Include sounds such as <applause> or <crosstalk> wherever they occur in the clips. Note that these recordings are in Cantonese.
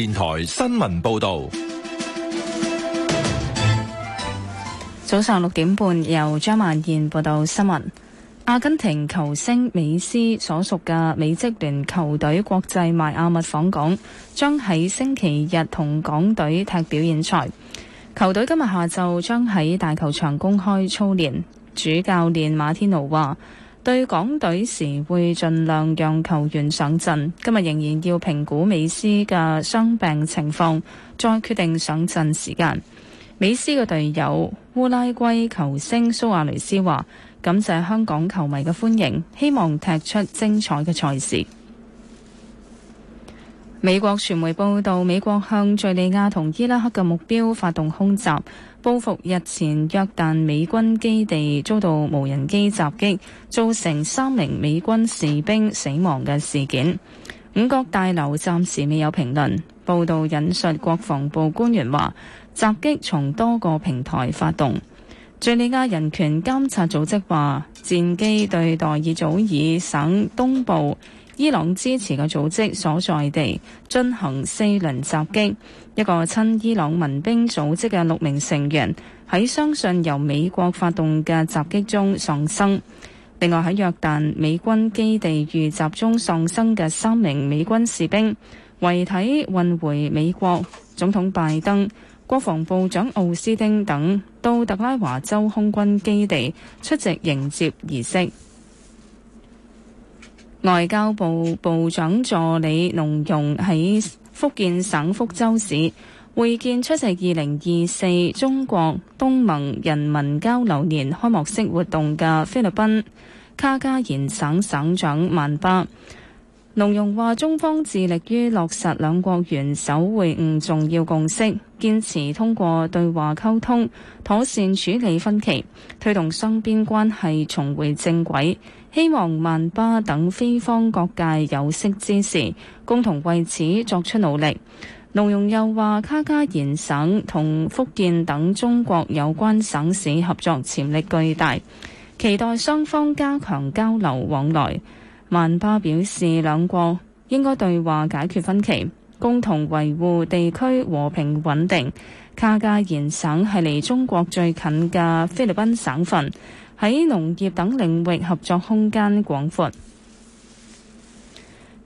電台新聞報道，早上六點半由張曼燕報道新聞。阿根廷球星美斯所屬嘅美職聯球隊國際邁阿密訪港，將喺星期日同港隊踢表演賽。球隊今日下晝將喺大球場公開操練。主教練馬天奴話。對港隊時會盡量讓球員上陣，今日仍然要評估美斯嘅傷病情況，再決定上陣時間。美斯嘅隊友烏拉圭球星蘇亞雷斯話，感謝香港球迷嘅歡迎，希望踢出精彩嘅賽事。美國傳媒報道，美國向敘利亞同伊拉克嘅目標發動空襲，報復日前約旦美軍基地遭到無人機襲擊，造成三名美軍士兵死亡嘅事件。五角大樓暫時未有評論。報道引述國防部官員話：襲擊從多個平台發動。敘利亞人權監察組織話，戰機對代爾祖爾省東部伊朗支持嘅組織所在地進行四輪襲擊，一個親伊朗民兵組織嘅六名成員喺相信由美國發動嘅襲擊中喪生。另外喺約旦美軍基地遇襲中喪生嘅三名美軍士兵遺體運回美國，總統拜登、國防部長奧斯汀等到特拉華州空軍基地出席迎接儀式。外交部部長助理農融喺福建省福州市會見出席二零二四中國東盟人民交流年開幕式活動嘅菲律賓卡加延省省，省省長曼巴。農融話中方致力於落實兩國元首會晤重要共識，堅持通過對話溝通，妥善處理分歧，推動雙邊關係重回正軌。希望曼巴等菲方各界有識之士共同為此作出努力。龍容又話卡加延省同福建等中國有關省市合作潛力巨大，期待雙方加強交流往來。曼巴表示，兩國應該對話解決分歧，共同維護地區和平穩定。卡加延省係離中國最近嘅菲律賓省份。喺農業等領域合作空間廣闊。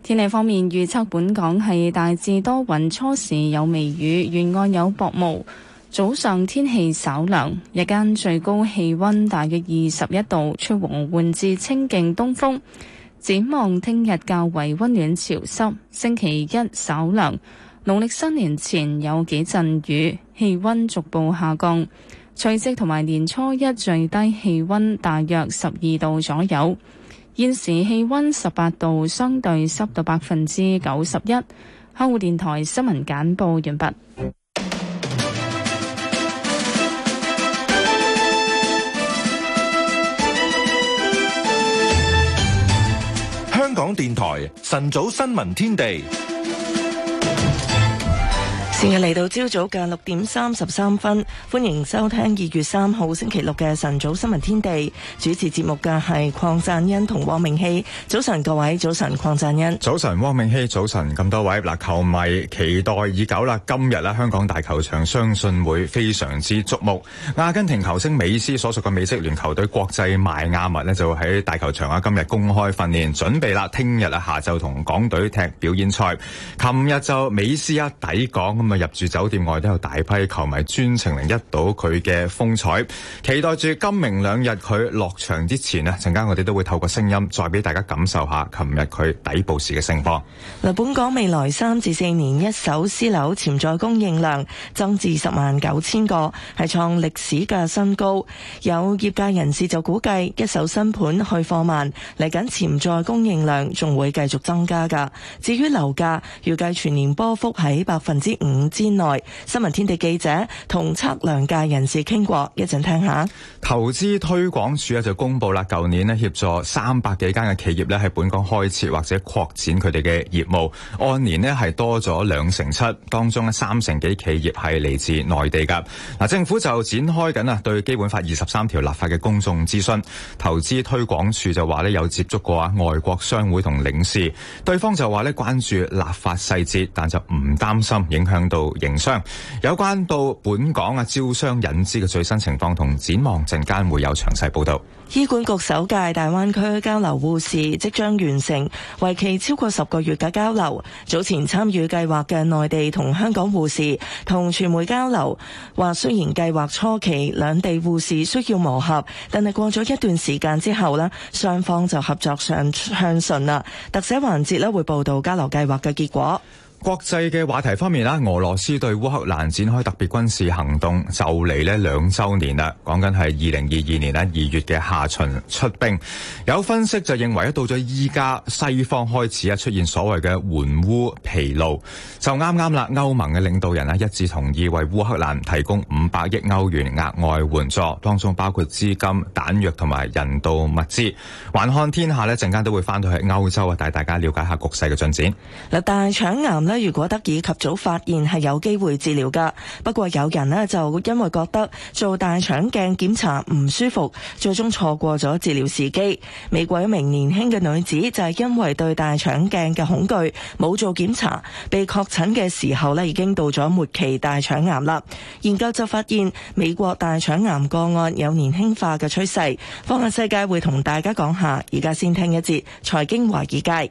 天氣方面預測，本港係大致多雲，初時有微雨，沿岸有薄霧。早上天氣稍涼，日間最高氣温大約二十一度，吹和緩至清勁東風。展望聽日較為温暖潮濕，星期一稍涼，農曆新年前有幾陣雨，氣温逐步下降。除夕同埋年初一最低氣溫大約十二度左右，現時氣溫十八度，相對濕度百分之九十一。香港電台新聞簡報完畢。香港電台晨早新聞天地。今日嚟到朝早嘅六點三十三分，歡迎收聽二月三號星期六嘅晨早新聞天地。主持節目嘅係鄺贊恩同汪明熙。早晨各位，早晨鄺贊恩，早晨汪明熙，早晨咁多位。嗱，球迷期待已久啦，今日咧，香港大球場相信會非常之矚目。阿根廷球星美斯所屬嘅美式聯球隊國際邁阿密咧，就喺大球場啊今日公開訓練準備啦，聽日啊下晝同港隊踢表演賽。琴日就美斯一抵港咁，入住酒店外都有大批球迷專程嚟一睹佢嘅風采，期待住今明兩日佢落場之前咧，陣間我哋都會透過聲音再俾大家感受下琴日佢抵埗時嘅盛況。嗱，本港未來三至四年一手私樓潛在供應量增至十萬九千個，係創歷史嘅新高。有業界人士就估計，一手新盤去貨慢嚟緊，潛在供應量仲會繼續增加噶。至於樓價，預計全年波幅喺百分之五。之內，新聞天地記者，同測量界人士傾過，一陣聽下。投資推廣署咧就公布啦，舊年咧協助三百幾間嘅企業咧喺本港開設或者擴展佢哋嘅業務，按年咧係多咗兩成七，當中咧三成幾企業係嚟自內地噶。嗱，政府就展開緊啊對基本法二十三條立法嘅公眾諮詢，投資推廣署就話咧有接觸過啊外國商會同領事，對方就話咧關注立法細節，但就唔擔心影響。到營商有關到本港啊招商引資嘅最新情況同展望，陣間會有詳細報道。醫管局首屆大灣區交流護士即將完成，為期超過十個月嘅交流。早前參與計劃嘅內地同香港護士同傳媒交流，話雖然計劃初期兩地護士需要磨合，但係過咗一段時間之後呢，雙方就合作上暢順啦。特寫環節呢，會報道交流計劃嘅結果。國際嘅話題方面啦，俄羅斯對烏克蘭展開特別軍事行動就嚟咧兩周年啦，講緊係二零二二年咧二月嘅下旬出兵。有分析就認為，一到咗依家，西方開始一出現所謂嘅援烏疲勞。就啱啱啦，歐盟嘅領導人啊一致同意為烏克蘭提供五百億歐元額外援助，當中包括資金、彈藥同埋人道物資。環看天下呢陣間都會翻到去歐洲啊，帶大家了解下局勢嘅進展。嗱，大腸癌如果得以及早發現，係有機會治療噶。不過有人呢，就因為覺得做大腸鏡檢查唔舒服，最終錯過咗治療時機。美國一名年輕嘅女子就係因為對大腸鏡嘅恐懼，冇做檢查，被確診嘅時候呢，已經到咗末期大腸癌啦。研究就發現，美國大腸癌個案有年輕化嘅趨勢。放眼世界會同大家講下，而家先聽一節財經華爾街。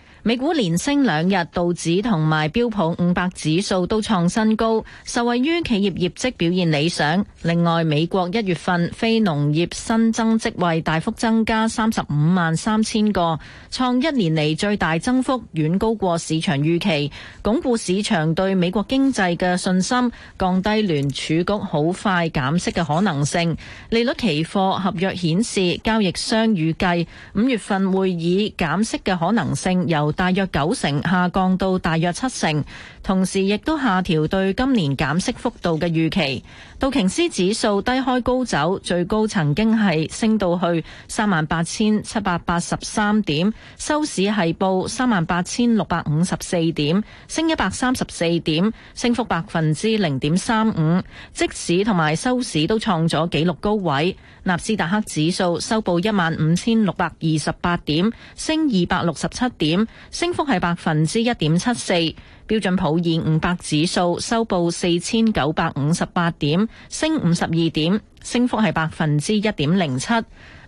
美股連升兩日，道指同埋標普五百指數都創新高，受惠於企業業績表現理想。另外，美國一月份非農業新增職位大幅增加三十五萬三千個，創一年嚟最大增幅，遠高過市場預期，鞏固市場對美國經濟嘅信心，降低聯儲局好快減息嘅可能性。利率期貨合約顯示，交易商預計五月份會議減息嘅可能性由大約九成下降到大約七成。同時亦都下調對今年減息幅度嘅預期。道瓊斯指數低開高走，最高曾經係升到去三萬八千七百八十三點，收市係報三萬八千六百五十四點，升一百三十四點，升幅百分之零點三五。即市同埋收市都創咗紀錄高位。納斯達克指數收報一萬五千六百二十八點，升二百六十七點，升幅係百分之一點七四。標準普爾五百指數收報四千九百五十八點，升五十二點，升幅係百分之一點零七。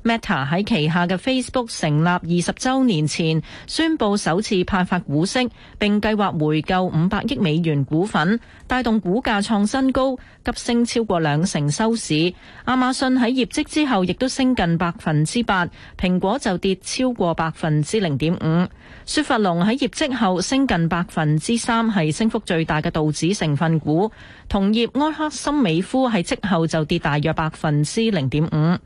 Meta 喺旗下嘅 Facebook 成立二十週年前，宣布首次派發股息，並計劃回購五百億美元股份，帶動股價創新高，急升超過兩成收市。亞馬遜喺業績之後，亦都升近百分之八，蘋果就跌超過百分之零點五。雪佛龍喺業績後升近百分之三，係升幅最大嘅道指成分股。同業埃克森美孚喺績後就跌大約百分之零點五。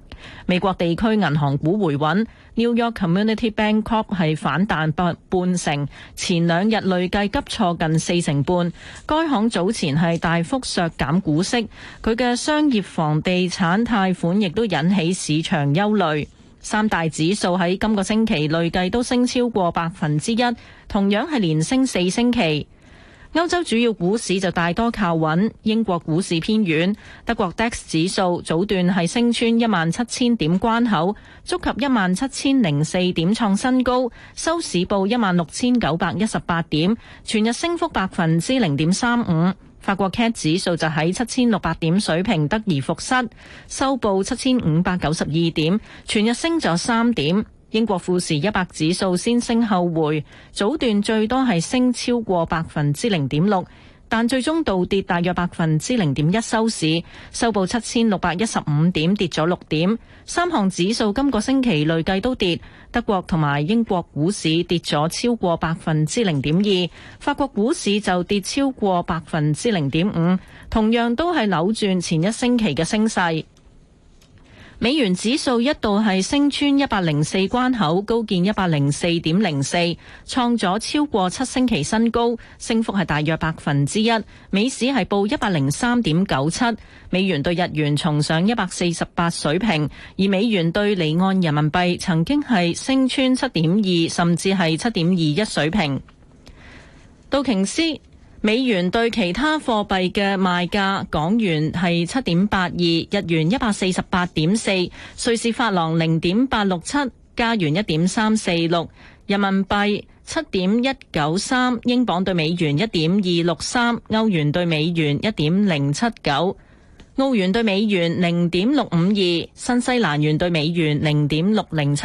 美國地區銀行股回穩，New York Community Bank Corp 係反彈半成，前兩日累計急挫近四成半。該行早前係大幅削減股息，佢嘅商業房地產貸款亦都引起市場憂慮。三大指數喺今個星期累計都升超過百分之一，同樣係連升四星期。歐洲主要股市就大多靠穩，英國股市偏軟。德國 DAX 指數早段係升穿一萬七千點關口，觸及一萬七千零四點，創新高，收市報一萬六千九百一十八點，全日升幅百分之零點三五。法國 CAC 指數就喺七千六百點水平得而復失，收報七千五百九十二點，全日升咗三點。英國富時一百指數先升後回，早段最多係升超過百分之零點六。但最終倒跌大約百分之零點一收市，收報七千六百一十五點，跌咗六點。三項指數今個星期累計都跌，德國同埋英國股市跌咗超過百分之零點二，法國股市就跌超過百分之零點五，同樣都係扭轉前一星期嘅升勢。美元指數一度係升穿一百零四關口，高見一百零四點零四，創咗超過七星期新高，升幅係大約百分之一。美市係報一百零三點九七，美元對日元重上一百四十八水平，而美元對離岸人民幣曾經係升穿七點二，甚至係七點二一水平。道瓊斯美元對其他貨幣嘅賣價，港元係七點八二，日元一百四十八點四，瑞士法郎零點八六七，加元一點三四六，人民幣七點一九三，英鎊對美元一點二六三，歐元對美元一點零七九，澳元對美元零點六五二，新西蘭元對美元零點六零七。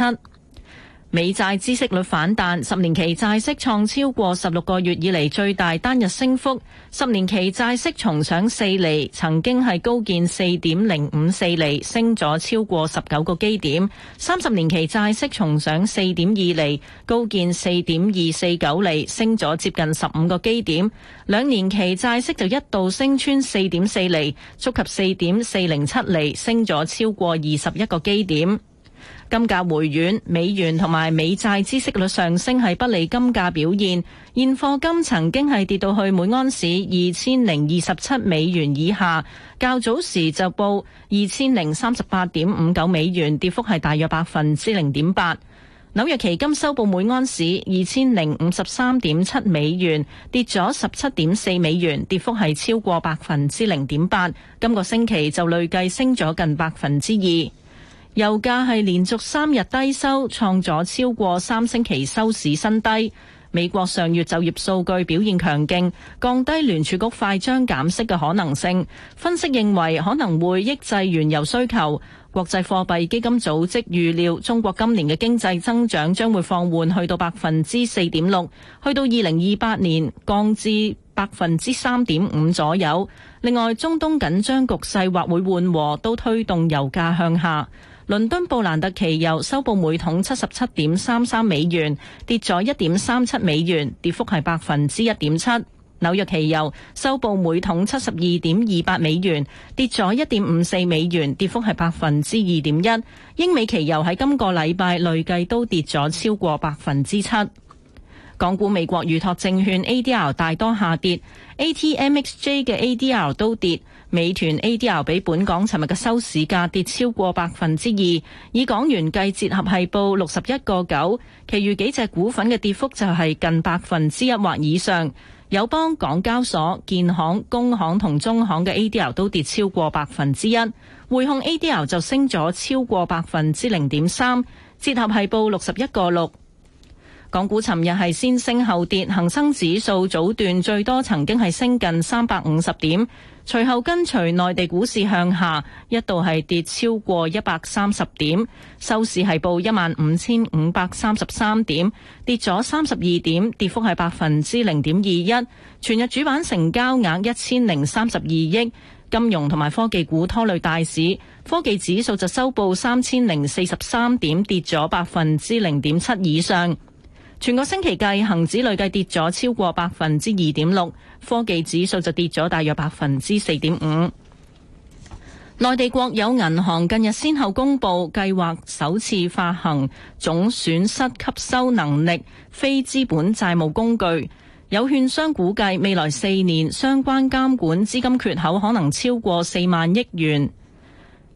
美債孳息率反彈，十年期債息創超過十六個月以嚟最大單日升幅。十年期債息重上四厘，曾經係高見四點零五四厘，升咗超過十九個基點。三十年期債息重上四點二厘，高見四點二四九厘，升咗接近十五個基點。兩年期債息就一度升穿四點四厘，觸及四點四零七厘，升咗超過二十一個基點。金價回軟，美元同埋美債孳息率上升係不利金價表現。現貨金曾經係跌到去每盎司二千零二十七美元以下，較早時就報二千零三十八點五九美元，跌幅係大約百分之零點八。紐約期金收報每盎司二千零五十三點七美元，跌咗十七點四美元，跌幅係超過百分之零點八。今個星期就累計升咗近百分之二。油價係連續三日低收，創咗超過三星期收市新低。美國上月就業數據表現強勁，降低聯儲局快將減息嘅可能性。分析認為可能會抑制原油需求。國際貨幣基金組織預料中國今年嘅經濟增長將會放緩，去到百分之四點六，去到二零二八年降至百分之三點五左右。另外，中東緊張局勢或會緩和，都推動油價向下。倫敦布蘭特期油收報每桶七十七點三三美元，跌咗一點三七美元，跌幅係百分之一點七。紐約期油收報每桶七十二點二八美元，跌咗一點五四美元，跌幅係百分之二點一。英美期油喺今個禮拜累計都跌咗超過百分之七。港股美國預託證券 ADR 大多下跌，ATMXJ 嘅 ADR 都跌。美團 ADR 比本港尋日嘅收市價跌超過百分之二，以港元計，折合係報六十一個九。其餘幾隻股份嘅跌幅就係近百分之一或以上。友邦、港交所、建行、工行同中行嘅 ADR 都跌超過百分之一，匯控 ADR 就升咗超過百分之零點三，折合係報六十一個六。港股尋日係先升後跌，恒生指數早段最多曾經係升近三百五十點，隨後跟隨內地股市向下，一度係跌超過一百三十點，收市係報一萬五千五百三十三點，跌咗三十二點，跌幅係百分之零點二一。全日主板成交額一千零三十二億，金融同埋科技股拖累大市，科技指數就收報三千零四十三點，跌咗百分之零點七以上。全個星期計，恒指累計跌咗超過百分之二點六，科技指數就跌咗大約百分之四點五。內地國有銀行近日先後公布計劃首次發行總損失吸收能力非資本債務工具，有券商估計未來四年相關監管資金缺口可能超過四萬億元。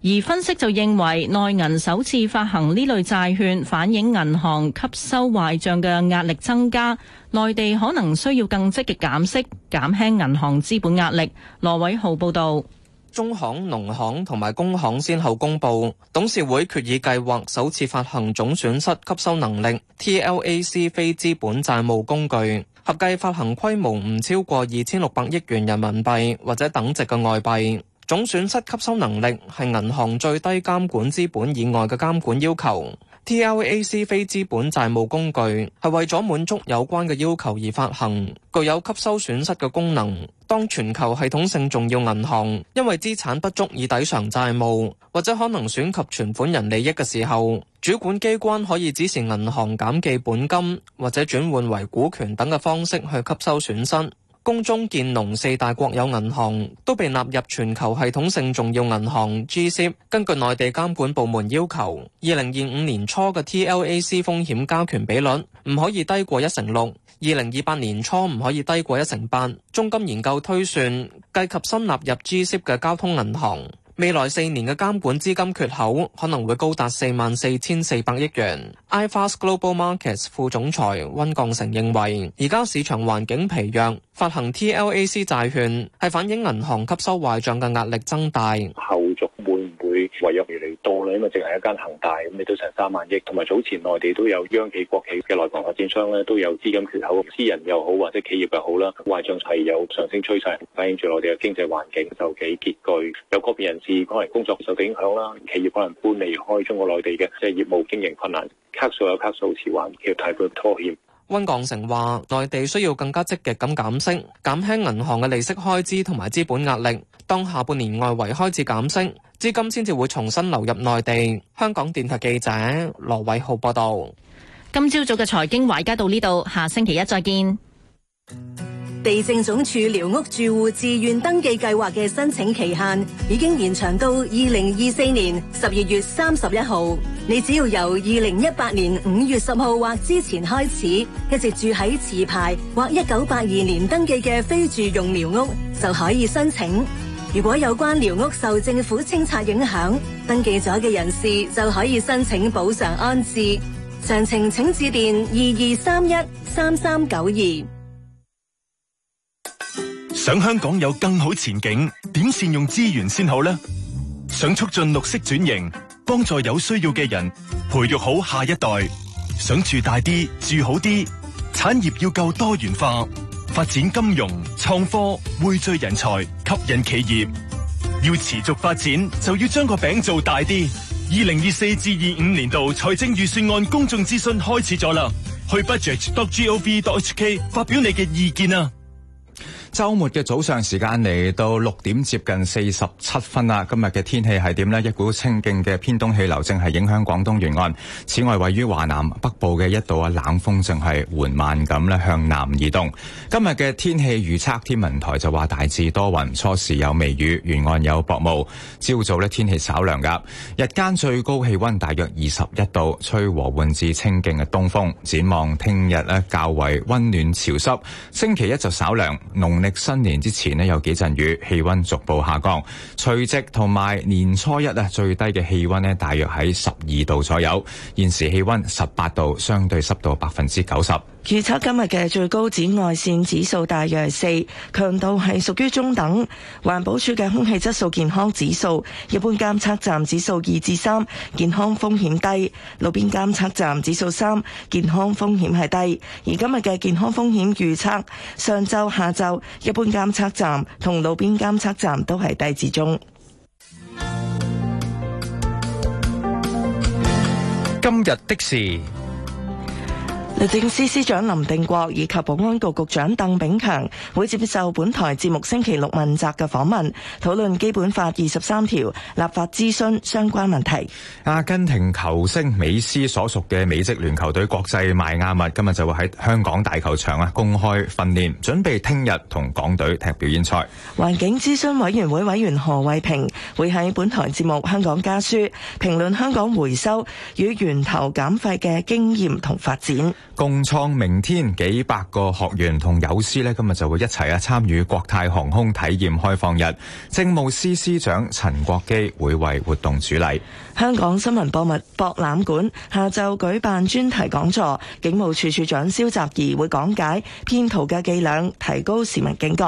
而分析就認為內銀首次發行呢類債券，反映銀行吸收壞賬嘅壓力增加，內地可能需要更積極減息，減輕銀行資本壓力。羅偉浩報道。中行、農行同埋工行先後公布董事會決議計劃首次發行總損失吸收能力 （T-LAC） 非資本債務工具，合計發行規模唔超過二千六百億元人民幣或者等值嘅外幣。總損失吸收能力係銀行最低監管資本以外嘅監管要求。TLAC 非資本債務工具係為咗滿足有關嘅要求而發行，具有吸收損失嘅功能。當全球系統性重要銀行因為資產不足以抵償債務，或者可能損及存款人利益嘅時候，主管機關可以指示銀行減記本金或者轉換為股權等嘅方式去吸收損失。公中建農四大國有銀行都被納入全球系統性重要銀行 G-SIB，根據內地監管部門要求，二零二五年初嘅 T-LAC 風險加權比率唔可以低過一成六，二零二八年初唔可以低過一成八。中金研究推算，計及新納入 G-SIB 嘅交通銀行。未來四年嘅監管資金缺口可能會高達四萬四千四百億元。iFAST Global Markets 副總裁溫鋼成認為，而家市場環境疲弱，發行 TLAC 債券係反映銀行吸收壞賬嘅壓力增大。後續會。違約越嚟越多啦，因為淨係一間恒大，咁你都成三萬億，同埋早前內地都有央企、國企嘅內房發展商咧，都有資金缺口，私人又好或者企業又好啦，壞賬係有上升趨勢，反映住我哋嘅經濟環境就幾拮據，有個別人士可能工作受影響啦，企業可能搬離開中國內地嘅，即係業務經營困難，卡數有卡數遲還，叫貸款拖欠。溫港成話：內地需要更加積極咁減息，減輕銀行嘅利息開支同埋資本壓力。當下半年外圍開始減息，資金先至會重新流入內地。香港電台記者羅偉浩報道。今朝早嘅財經快加到呢度，下星期一再見。地政總署寮屋住戶自願登記計劃嘅申請期限已經延長到二零二四年十二月三十一號。你只要由二零一八年五月十號或之前開始，一直住喺持牌或一九八二年登記嘅非住用寮屋，就可以申請。如果有關寮屋受政府清拆影響，登記咗嘅人士就可以申請補償安置。詳情請致電二二三一三三九二。想香港有更好前景，點善用資源先好呢？想促進綠色轉型，幫助有需要嘅人，培育好下一代。想住大啲，住好啲，產業要夠多元化，發展金融、創科、匯聚人才、吸引企業。要持續發展，就要將個餅做大啲。二零二四至二五年度財政預算案公眾諮詢開始咗啦，去 budget.gov.hk 發表你嘅意見啊！周末嘅早上時間嚟到六點接近四十七分啦、啊。今日嘅天氣係點咧？一股清勁嘅偏東氣流正係影響廣東沿岸。此外位，位於華南北部嘅一道啊冷鋒正係緩慢咁咧向南移動。今日嘅天氣預測，天文台就話大致多雲，初時有微雨，沿岸有薄霧。朝早咧天氣稍涼噶，日間最高氣温大約二十一度，吹和緩至清勁嘅東風。展望聽日咧較為温暖潮濕，星期一就稍涼，農曆新年之前呢，有幾陣雨，氣溫逐步下降。除夕同埋年初一啊，最低嘅氣溫呢大約喺十二度左右。現時氣溫十八度，相對濕度百分之九十。預測今日嘅最高紫外線指數大約係四，強度係屬於中等。環保署嘅空氣質素健康指數，一般監測站指數二至三，健康風險低；路邊監測站指數三，健康風險係低。而今日嘅健康風險預測，上晝下晝一般監測站同路邊監測站都係低至中。今日的事。律政司司長林定國以及保安局局長鄧炳強會接受本台節目星期六問責嘅訪問，討論《基本法》二十三條立法諮詢相關問題。阿根廷球星美斯所屬嘅美職聯球隊國際邁阿密今日就會喺香港大球場啊公開訓練，準備聽日同港隊踢表演賽。環境諮詢委員會委員何惠平會喺本台節目《香港家書》評論香港回收與源頭減廢嘅經驗同發展。共創明天，幾百個學員同有師咧，今日就會一齊啊參與國泰航空體驗開放日。政務司司長陳國基會為活動主禮。香港新聞博物博覽館下晝舉辦專題講座，警務處處長蕭澤頤會講解騙徒嘅伎倆，提高市民警覺。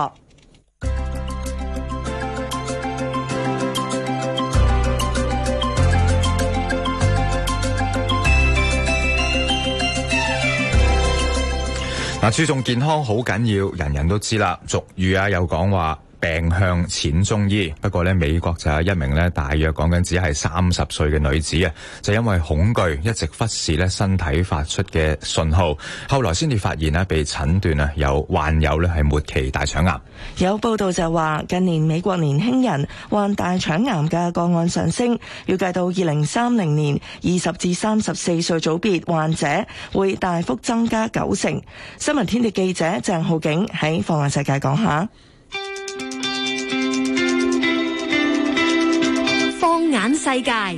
注重健康好緊要，人人都知啦。俗語啊，有講話，病向淺中醫，不過呢，美國就有一名呢，大約講緊只係三十歲嘅女子啊，就因為恐懼一直忽視呢身體發出嘅信號，後來先至發現呢，被診斷啊有患有呢係末期大腸癌。有報道就話，近年美國年輕人患大腸癌嘅個案上升，預計到二零三零年，二十至三十四歲組別患者會大幅增加九成。新聞天地記者鄭浩景喺《放眼世界》講下。世界。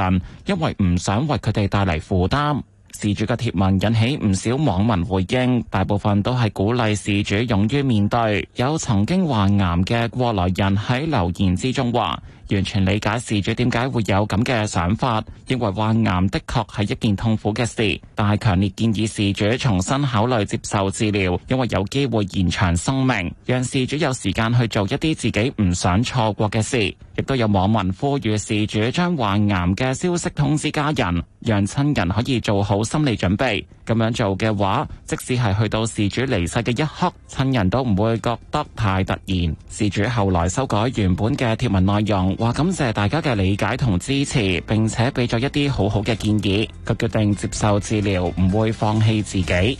因為唔想為佢哋帶嚟負擔，事主嘅貼文引起唔少網民回應，大部分都係鼓勵事主勇於面對。有曾經患癌嘅過來人喺留言之中話。完全理解事主點解會有咁嘅想法，認為患癌的確係一件痛苦嘅事，但係強烈建議事主重新考慮接受治療，因為有機會延長生命，讓事主有時間去做一啲自己唔想錯過嘅事。亦都有網民呼籲事主將患癌嘅消息通知家人，讓親人可以做好心理準備。咁樣做嘅話，即使係去到事主離世嘅一刻，親人都唔會覺得太突然。事主後來修改原本嘅貼文內容，話感謝大家嘅理解同支持，並且俾咗一啲好好嘅建議。佢決定接受治療，唔會放棄自己。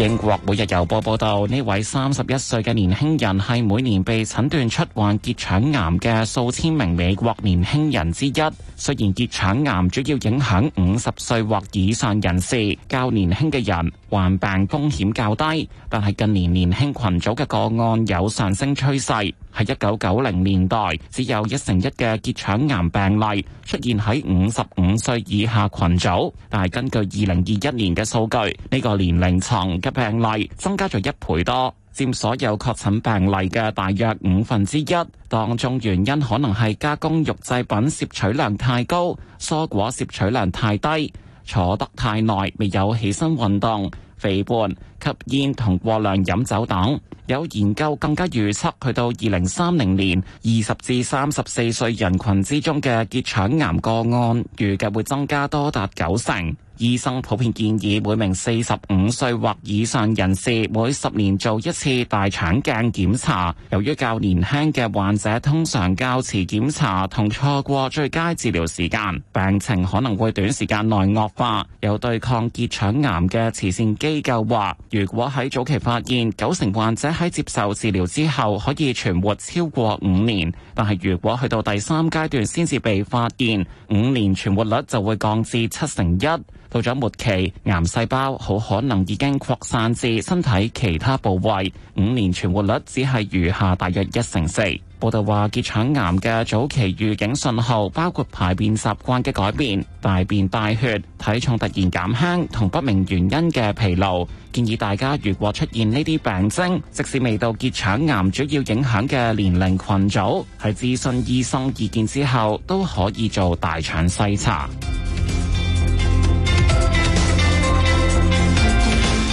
英國每日郵報報道，呢位三十一歲嘅年輕人係每年被診斷出患結腸癌嘅數千名美國年輕人之一。雖然結腸癌主要影響五十歲或以上人士，較年輕嘅人，患病風險較低，但係近年年輕群組嘅個案有上升趨勢。喺一九九零年代，只有一成一嘅結腸癌病例出現喺五十五歲以下群組，但係根據二零二一年嘅數據，呢個年齡層嘅病例增加咗一倍多，佔所有確診病例嘅大約五分之一。當中原因可能係加工肉製品攝取量太高，蔬果攝取量太低，坐得太耐未有起身運動，肥胖、吸煙同過量飲酒等，有研究更加預測，去到二零三零年，二十至三十四歲人群之中嘅結腸癌個案，預計會增加多達九成。醫生普遍建議每名四十五歲或以上人士每十年做一次大腸鏡檢查。由於較年輕嘅患者通常較遲檢查同錯過最佳治療時間，病情可能會短時間內惡化。有對抗結腸癌嘅慈善機。研究話，如果喺早期發現，九成患者喺接受治療之後可以存活超過五年；但係如果去到第三階段先至被發現，五年存活率就會降至七成一。到咗末期，癌細胞好可能已經擴散至身體其他部位，五年存活率只係餘下大約一成四。報道話結腸癌嘅早期預警信號包括排便習，習慣嘅改變，大便帶血、體重突然減輕同不明原因嘅疲勞，建議大家如果出現呢啲病徵，即使未到結腸癌主要影響嘅年齡群組，喺諮詢醫生意見之後都可以做大腸篩查。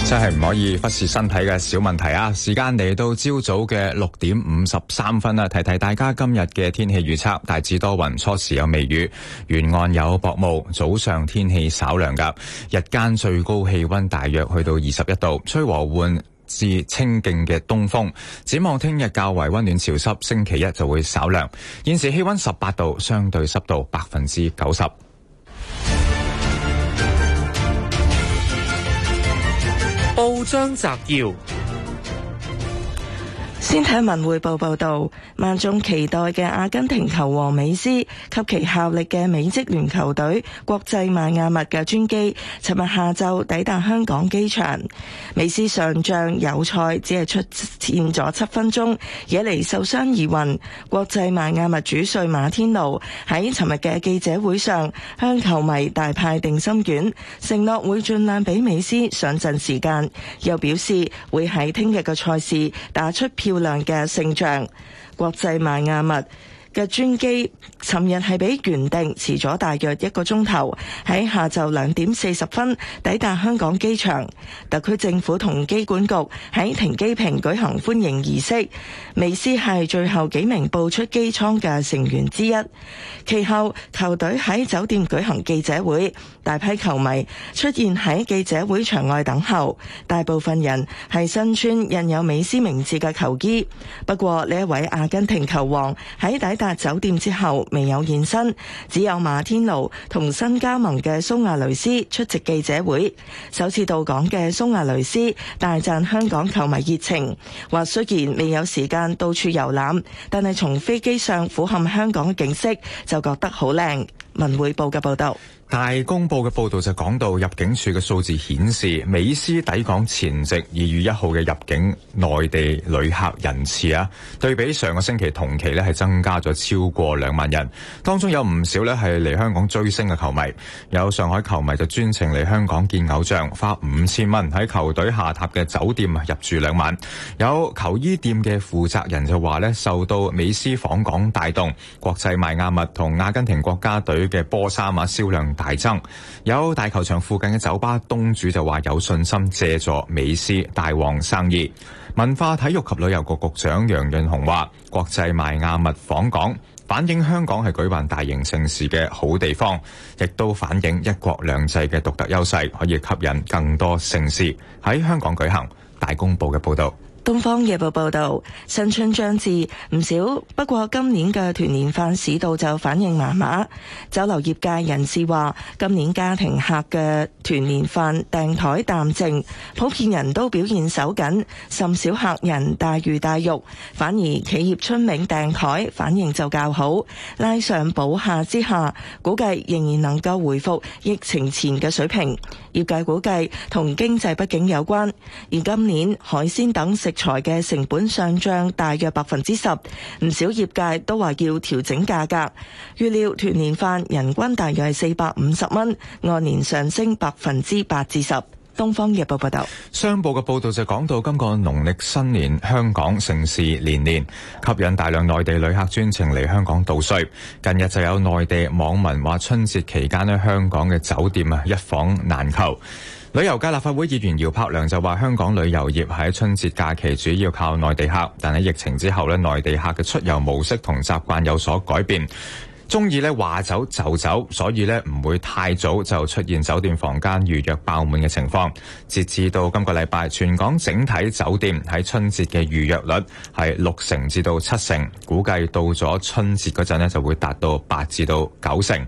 真係唔可以忽視身體嘅小問題啊！時間嚟到朝早嘅六點五十三分啊。提提大家今日嘅天氣預測：大致多雲，初時有微雨，沿岸有薄霧，早上天氣稍涼噶，日間最高氣温大約去到二十一度，吹和緩至清勁嘅東風。展望聽日較為温暖潮濕，星期一就會稍涼。現時氣温十八度，相對濕度百分之九十。張澤耀。先睇文匯報報道，萬眾期待嘅阿根廷球王美斯及其效力嘅美職聯球隊國際邁亞密嘅專機，尋日下晝抵達香港機場。美斯上仗友賽只係出現咗七分鐘，惹嚟受傷疑雲。國際邁亞密主帥馬天奴喺尋日嘅記者會上向球迷大派定心丸，承諾會盡量俾美斯上陣時間，又表示會喺聽日嘅賽事打出。漂亮嘅聖像，國際邁亞密嘅專機，尋日係比原定遲咗大約一個鐘頭，喺下晝兩點四十分抵達香港機場。特區政府同機管局喺停機坪舉行歡迎儀式，美斯係最後幾名步出機艙嘅成員之一。其後，球隊喺酒店舉行記者會，大批球迷出現喺記者會場外等候，大部分人係身穿印有美斯名字嘅球衣。不過呢一位阿根廷球王喺抵達。酒店之後未有現身，只有馬天奴同新加盟嘅蘇亞雷斯出席記者會。首次到港嘅蘇亞雷斯大讚香港球迷熱情，話雖然未有時間到處遊覽，但係從飛機上俯瞰香港景色就覺得好靚。文匯報嘅報道。大公報嘅報道就講到，入境處嘅數字顯示，美斯抵港前夕二月一號嘅入境內地旅客人次啊，對比上個星期同期呢係增加咗超過兩萬人，當中有唔少呢係嚟香港追星嘅球迷，有上海球迷就專程嚟香港見偶像，花五千蚊喺球隊下榻嘅酒店入住兩晚。有球衣店嘅負責人就話呢受到美斯訪港帶動，國際邁阿密同阿根廷國家隊嘅波衫銷量。大增，有大球場附近嘅酒吧東主就話有信心借助美斯大旺生意。文化體育及旅遊局局長楊潤雄話：國際邁亞密訪港，反映香港係舉辦大型盛事嘅好地方，亦都反映一國兩制嘅獨特優勢可以吸引更多盛事喺香港舉行。大公報嘅報道。東方日報報道，新春將至，唔少不過今年嘅團年飯市道就反應麻麻。酒樓業界人士話，今年家庭客嘅團年飯訂台淡靜，普遍人都表現手緊，甚少客人大魚大肉，反而企業春茗訂台反應就較好，拉上補下之下，估計仍然能夠回復疫情前嘅水平。業界估計同經濟不景有關，而今年海鮮等食材嘅成本上漲大約百分之十，唔少業界都話要調整價格。預料團年飯人均大約係四百五十蚊，按年上升百分之八至十。東方日報報道，商報嘅報道就講到，今個農曆新年香港盛事連連，吸引大量內地旅客專程嚟香港度歲。近日就有內地網民話，春節期間呢，香港嘅酒店啊一房難求。旅遊界立法會議員姚柏良就話，香港旅遊業喺春節假期主要靠內地客，但喺疫情之後呢，內地客嘅出遊模式同習慣有所改變。中意咧話走就走，所以咧唔會太早就出現酒店房間預約爆滿嘅情況。截至到今個禮拜，全港整體酒店喺春節嘅預約率係六成至到七成，估計到咗春節嗰陣就會達到八至到九成。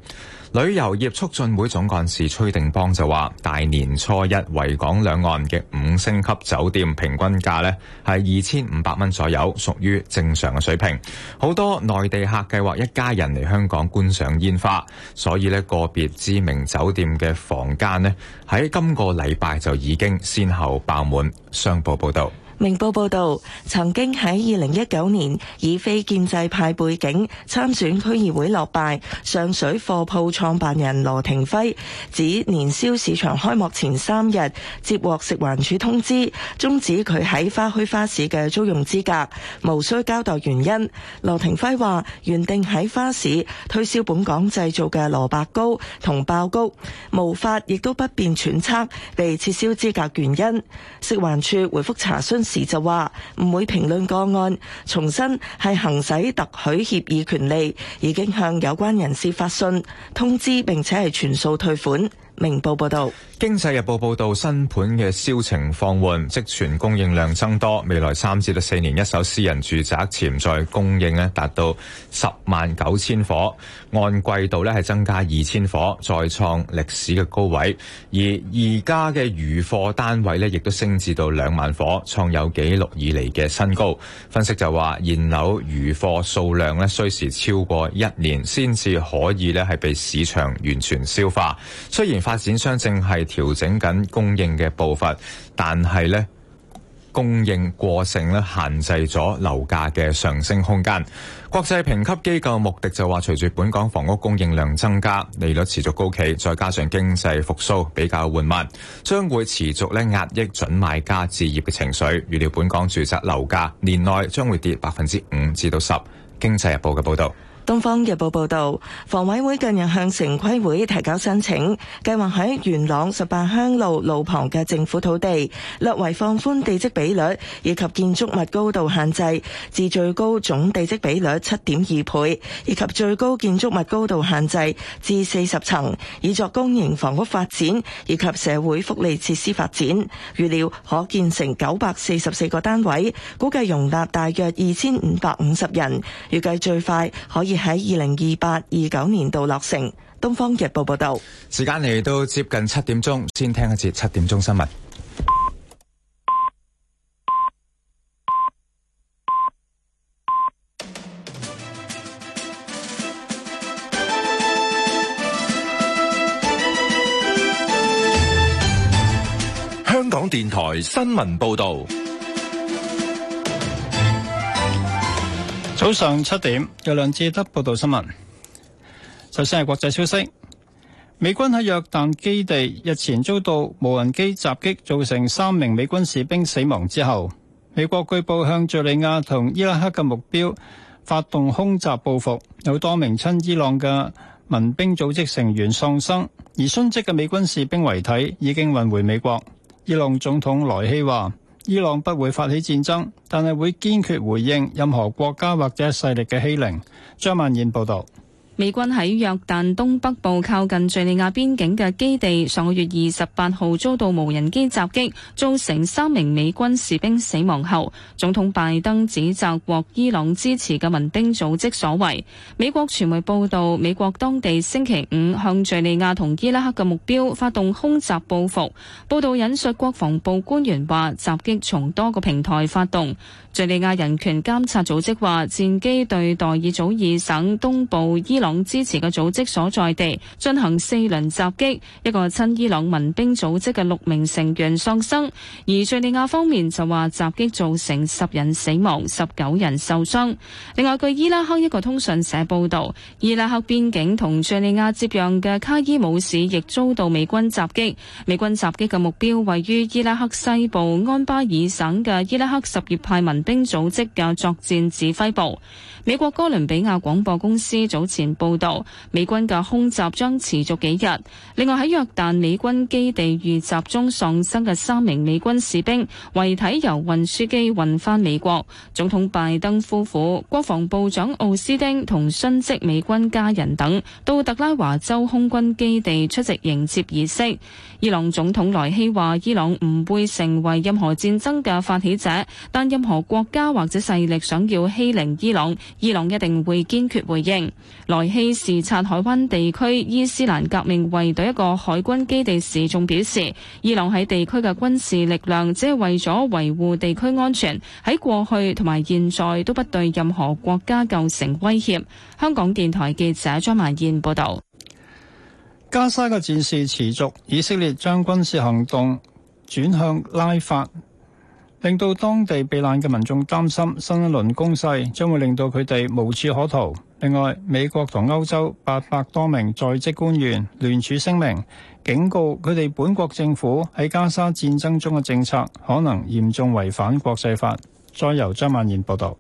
旅遊業促進會總幹事崔定邦就話：大年初一，維港兩岸嘅五星級酒店平均價呢係二千五百蚊左右，屬於正常嘅水平。好多內地客計劃一家人嚟香港觀賞煙花，所以呢個別知名酒店嘅房間呢喺今個禮拜就已經先後爆滿。商報報道。明報報導，曾經喺二零一九年以非建制派背景參選區議會落敗，上水貨鋪創辦人羅廷輝指，年宵市場開幕前三日接獲食環署通知，終止佢喺花墟花市嘅租用資格，無需交代原因。羅廷輝話：原定喺花市推銷本港製造嘅蘿蔔糕同爆谷，無法亦都不便揣測被撤銷資格原因。食環署回覆查詢時就話唔會評論個案，重申係行使特許協議權利，已經向有關人士發信通知，並且係全數退款。明報報道，《經濟日報》報道新盤嘅銷情放緩，積存供應量增多，未來三至到四年一手私人住宅潛在供應咧達到十萬九千伙。按季度咧係增加二千伙，再創歷史嘅高位。而而家嘅餘貨單位咧，亦都升至到兩萬伙，創有紀錄以嚟嘅新高。分析就話現樓餘貨數量咧，需時超過一年先至可以咧係被市場完全消化。雖然發展商正係調整緊供應嘅步伐，但係咧。供應過剩咧，限制咗樓價嘅上升空間。國際評級機構穆迪就話，隨住本港房屋供應量增加，利率持續高企，再加上經濟復甦比較緩慢，將會持續咧壓抑準買家置業嘅情緒。預料本港住宅樓價年內將會跌百分之五至到十。經濟日報嘅報道。《東方日報》報道，房委會近日向城規會提交申請，計劃喺元朗十八鄉路路旁嘅政府土地，略為放寬地積比率以及建築物高度限制，至最高總地積比率七點二倍，以及最高建築物高度限制至四十層，以作公營房屋發展以及社會福利設施發展。預料可建成九百四十四個單位，估計容納大約二千五百五十人，預計最快可以，喺二零二八二九年度落成。東方日報報道，時間嚟到接近七點鐘，先聽一節七點鐘新聞。香港電台新聞報道。早上七點，由梁志德報道新聞。首先係國際消息，美軍喺約旦基地日前遭到無人機襲擊，造成三名美軍士兵死亡之後，美國據報向敘利亞同伊拉克嘅目標發動空襲報復，有多名親伊朗嘅民兵組織成員喪生，而殉職嘅美軍士兵遺體已經運回美國。伊朗總統萊希話。伊朗不會發起戰爭，但係會堅決回應任何國家或者勢力嘅欺凌。張曼燕報導。美軍喺約旦東北部靠近敍利亞邊境嘅基地，上個月二十八號遭到無人機襲擊，造成三名美軍士兵死亡後，總統拜登指責獲伊朗支持嘅民兵組織所為。美國傳媒報道，美國當地星期五向敍利亞同伊拉克嘅目標發動空襲報復。報道引述國防部官員話，襲擊從多個平台發動。敍利亞人權監察組織話，戰機對代爾祖爾省東部伊朗支持嘅組織所在地進行四輪襲擊，一個親伊朗民兵組織嘅六名成員喪生。而敘利亞方面就話襲擊造成十人死亡、十九人受傷。另外，據伊拉克一個通訊社報道，伊拉克邊境同敘利亞接壤嘅卡伊姆市亦遭到美軍襲擊。美軍襲擊嘅目標位於伊拉克西部安巴爾省嘅伊拉克什葉派民兵組織嘅作戰指揮部。美國哥倫比亞廣播公司早前報導，美軍嘅空襲將持續幾日。另外喺約旦美軍基地遇襲中喪生嘅三名美軍士兵遺體由運輸機運返美國。總統拜登夫婦、國防部長奧斯丁同殉職美軍家人等到特拉華州空軍基地出席迎接儀式。伊朗總統萊希話：伊朗唔會成為任何戰爭嘅發起者，但任何國家或者勢力想要欺凌伊朗，伊朗一定會堅決回應。萊希視察海灣地區伊斯蘭革命衛隊一個海軍基地時，仲表示，伊朗喺地區嘅軍事力量只係為咗維護地區安全，喺過去同埋現在都不對任何國家構成威脅。香港電台記者張曼燕報導。加沙嘅戰事持續，以色列將軍事行動轉向拉法。令到當地避難嘅民眾擔心，新一輪攻勢將會令到佢哋無處可逃。另外，美國同歐洲八百多名在職官員聯署聲明，警告佢哋本國政府喺加沙戰爭中嘅政策可能嚴重違反國際法。再由張曼燕報道。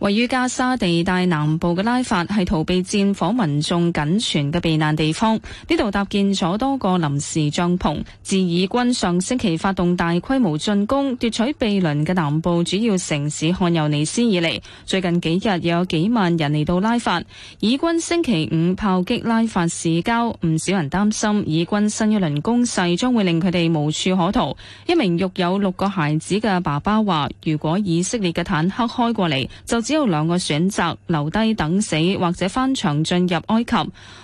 位於加沙地帶南部嘅拉法係逃避戰火民眾僅存嘅避難地方，呢度搭建咗多個臨時帳篷。自以軍上星期發動大規模進攻奪取秘倫嘅南部主要城市漢尤尼斯以嚟，最近幾日又有幾萬人嚟到拉法。以軍星期五炮擊拉法市郊，唔少人擔心以軍新一輪攻勢將會令佢哋無處可逃。一名育有六個孩子嘅爸爸話：如果以色列嘅坦克開過嚟，就只有兩個選擇：留低等死，或者翻牆進入埃及。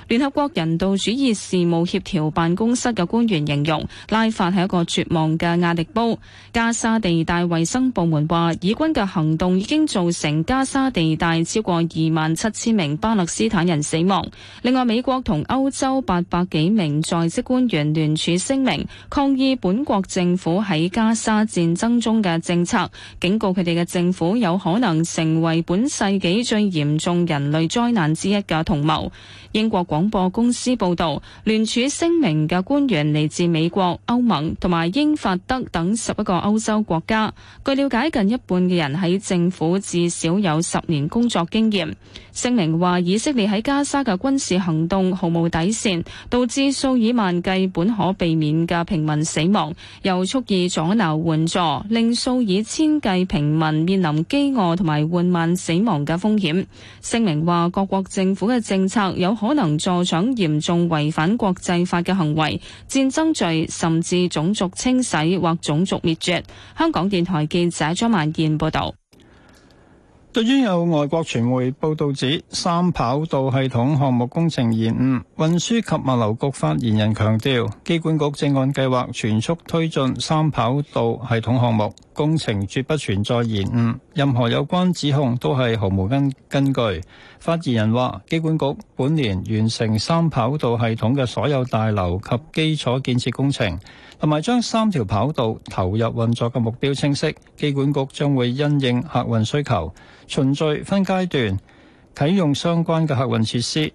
聯合國人道主義事務協調辦公室嘅官員形容拉法係一個絕望嘅壓力煲。加沙地帶衛生部門話，以軍嘅行動已經造成加沙地帶超過二萬七千名巴勒斯坦人死亡。另外，美國同歐洲八百幾名在職官員聯署聲明，抗議本國政府喺加沙戰爭中嘅政策，警告佢哋嘅政府有可能成為本世紀最嚴重人類災難之一嘅同謀。英國廣播公司報導，聯署聲明嘅官員嚟自美國、歐盟同埋英法德等十一個歐洲國家。據了解，近一半嘅人喺政府至少有十年工作經驗。聲明話，以色列喺加沙嘅軍事行動毫無底線，導致數以萬計本可避免嘅平民死亡，又蓄意阻撓援助，令數以千計平民面臨飢餓同埋緩慢死亡嘅風險。聲明話，各國政府嘅政策有可能助長嚴重違反國際法嘅行為、戰爭罪，甚至種族清洗或種族滅絕。香港電台記者張萬燕報道。對於有外國傳媒報道指三跑道系統項目工程延誤，運輸及物流局發言人強調，機管局正按計劃全速推進三跑道系統項目，工程絕不存在延誤。任何有關指控都係毫無根根據。發言人話，機管局本年完成三跑道系統嘅所有大樓及基礎建設工程，同埋將三條跑道投入運作嘅目標清晰。機管局將會因應客運需求，循序分階段啟用相關嘅客運設施。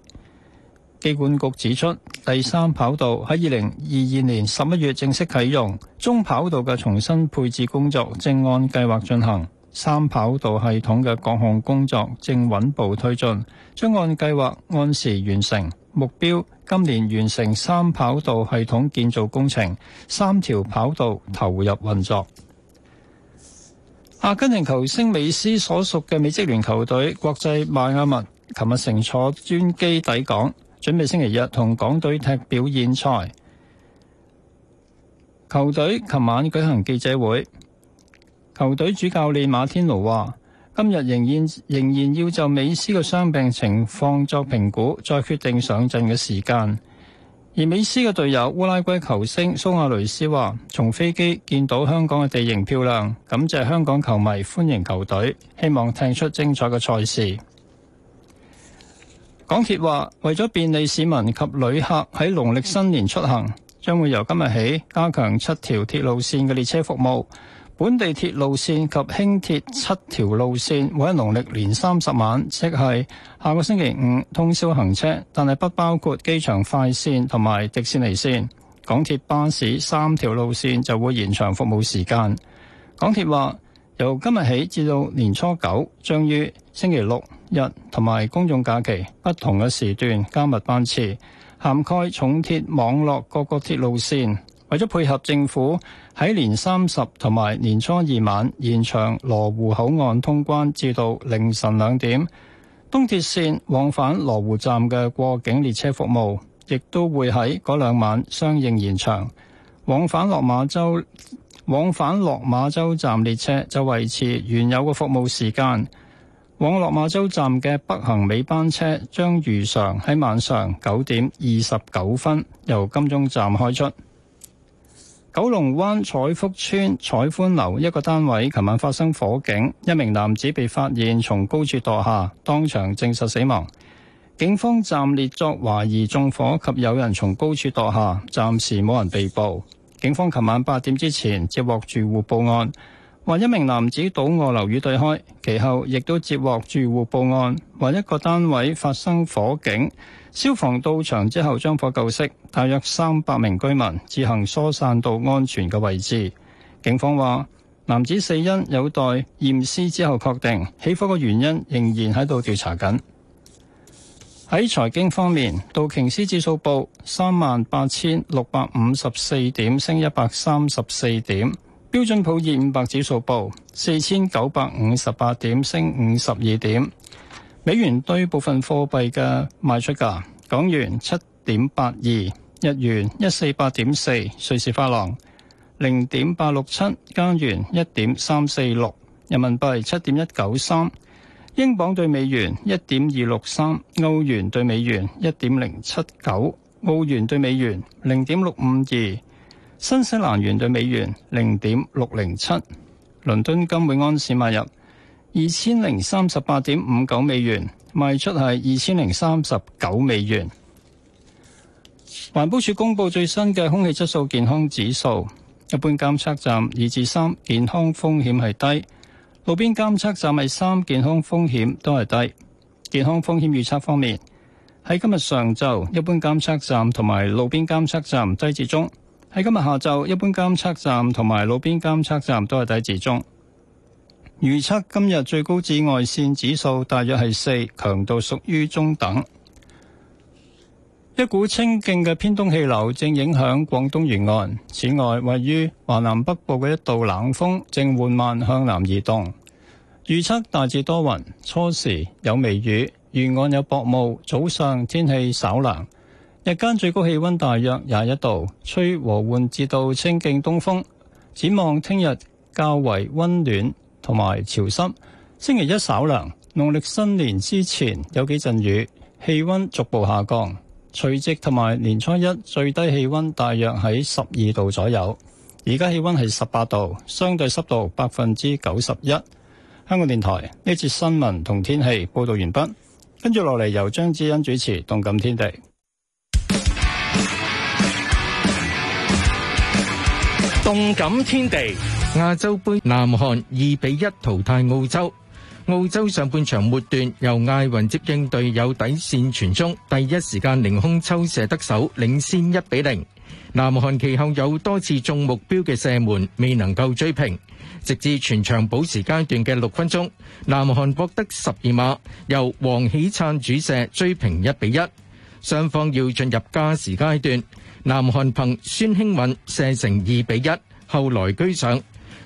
機管局指出，第三跑道喺二零二二年十一月正式啟用，中跑道嘅重新配置工作正按計劃進行，三跑道系統嘅各項工作正穩步推進，將按計劃按時完成目標，今年完成三跑道系統建造工程，三條跑道投入運作。阿根廷球星美斯所屬嘅美職聯球隊國際邁阿密，琴日乘坐專機抵港，準備星期日同港隊踢表演賽。球隊琴晚舉行記者會，球隊主教練馬天奴話，今日仍然仍然要就美斯嘅傷病情況作評估，再決定上陣嘅時間。而美斯嘅隊友烏拉圭球星蘇亞雷斯話，從飛機見到香港嘅地形漂亮，感謝香港球迷，歡迎球隊，希望踢出精彩嘅賽事。港鐵話，為咗便利市民及旅客喺農曆新年出行，將會由今日起加強七條鐵路線嘅列車服務。本地鐵路線及輕鐵七條路線會喺農曆年三十晚，即係下個星期五通宵行車，但係不包括機場快線同埋迪士尼線。港鐵巴士三條路線就會延長服務時間。港鐵話由今日起至到年初九，將於星期六、日同埋公眾假期不同嘅時段加密班次，涵蓋重鐵網絡各個鐵路線。為咗配合政府喺年三十同埋年初二晚延長羅湖口岸通關，至到凌晨兩點，東鐵綫往返羅湖站嘅過境列車服務亦都會喺嗰兩晚相應延長。往返落馬洲往返落馬洲站列車就維持原有嘅服務時間。往落馬洲站嘅北行尾班車將如常喺晚上九點二十九分由金鐘站開出。九龍灣彩福邨彩歡樓一個單位，琴晚發生火警，一名男子被發現從高處墮下，當場證實死亡。警方暫列作懷疑縱火及有人從高處墮下，暫時冇人被捕。警方琴晚八點之前接獲住戶報案，話一名男子倒卧樓宇對開，其後亦都接獲住戶報案，話一個單位發生火警。消防到場之後將火救熄，大約三百名居民自行疏散到安全嘅位置。警方話，男子死因有待驗屍之後確定，起火嘅原因仍然喺度調查緊。喺財經方面，道瓊斯指數報三萬八千六百五十四點，升一百三十四點；標準普爾五百指數報四千九百五十八點，升五十二點。美元兌部分貨幣嘅賣出價：港元七點八二，日元一四八點四，瑞士法郎零點八六七，7, 加元一點三四六，人民幣七點一九三，英鎊對美元一點二六三，歐元對美元一點零七九，澳元對美元零點六五二，新西蘭元對美元零點六零七，倫敦金永安士買入，二千零三十八點五九美元，賣出係二千零三十九美元。環保署公布最新嘅空氣質素健康指數，一般監測站二至三，3, 健康風險係低；路邊監測站係三，健康風險都係低。健康風險預測方面，喺今日上晝，一般監測站同埋路邊監測站低至中；喺今日下晝，一般監測站同埋路邊監測站都係低至中。預測今日最高紫外線指數大約係四，強度屬於中等。一股清勁嘅偏東氣流正影響廣東沿岸。此外，位於華南北部嘅一道冷鋒正緩慢向南移動。預測大致多雲，初時有微雨，沿岸有薄霧。早上天氣稍涼，日間最高氣溫大約廿一度，吹和緩至到清勁東風。展望聽日較為溫暖。同埋潮濕，星期一稍涼。農曆新年之前有幾陣雨，氣溫逐步下降。除夕同埋年初一最低氣溫大約喺十二度左右。而家氣溫係十八度，相對濕度百分之九十一。香港電台呢節新聞同天氣報道完畢。跟住落嚟由張子欣主持《動感天地》，《動感天地》。亞洲盃，南韓二比一淘汰澳洲。澳洲上半場末段由艾雲接應隊友底線傳中，第一時間凌空抽射得手，領先一比零。南韓其後有多次中目標嘅射門，未能夠追平，直至全場補時階段嘅六分鐘，南韓博得十二碼，由黃喜燦主射追平一比一。雙方要進入加時階段，南韓憑孫興慜射成二比一，後來居上。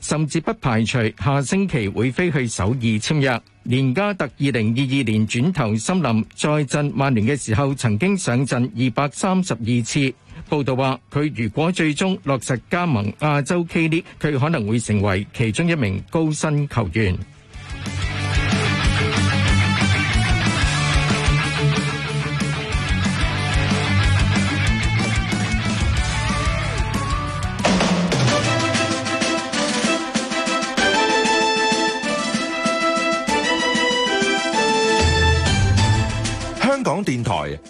甚至不排除下星期會飛去首爾簽約。連加特二零二二年轉投森林再陣，曼聯嘅時候，曾經上陣二百三十二次。報道話，佢如果最終落實加盟亞洲 K 聯，佢可能會成為其中一名高薪球員。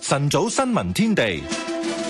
晨早新聞天地。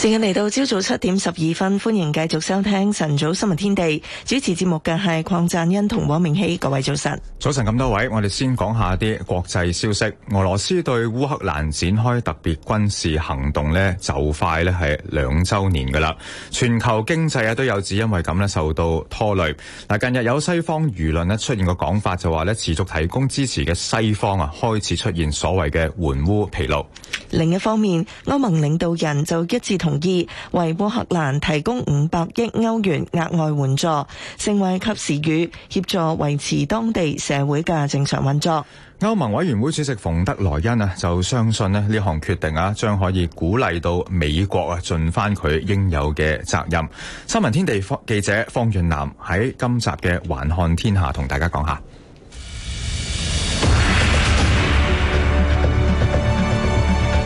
時間嚟到朝早七點十二分，歡迎繼續收聽晨早新聞天地。主持節目嘅係鄺贊恩同黃明熙，各位早晨。早晨咁多位，我哋先講下啲國際消息。俄羅斯對烏克蘭展開特別軍事行動咧，就快咧係兩周年噶啦。全球經濟啊都有指因為咁咧受到拖累。嗱，近日有西方輿論咧出現個講法就呢，就話咧持續提供支持嘅西方啊開始出現所謂嘅援烏疲勞。另一方面，歐盟領導人就一致同。同意為烏克蘭提供五百億歐元額外援助，成為及時雨，協助維持當地社會嘅正常運作。歐盟委員會主席馮德萊恩啊，就相信咧呢項決定啊，將可以鼓勵到美國啊盡翻佢應有嘅責任。新聞天地方記者方俊南喺今集嘅《環看天下》同大家講下，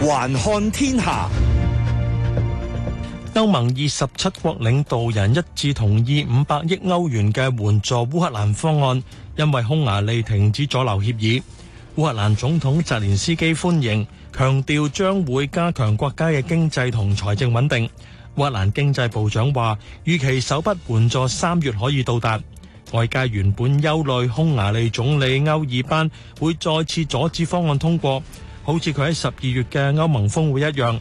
《環看天下》。歐盟二十七國領導人一致同意五百億歐元嘅援助烏克蘭方案，因為匈牙利停止阻撓協議。烏克蘭總統澤連斯基歡迎，強調將會加強國家嘅經濟同財政穩定。烏克蘭經濟部長話，預期首筆援助三月可以到達。外界原本憂慮匈牙利總理歐爾班會再次阻止方案通過，好似佢喺十二月嘅歐盟峰會一樣，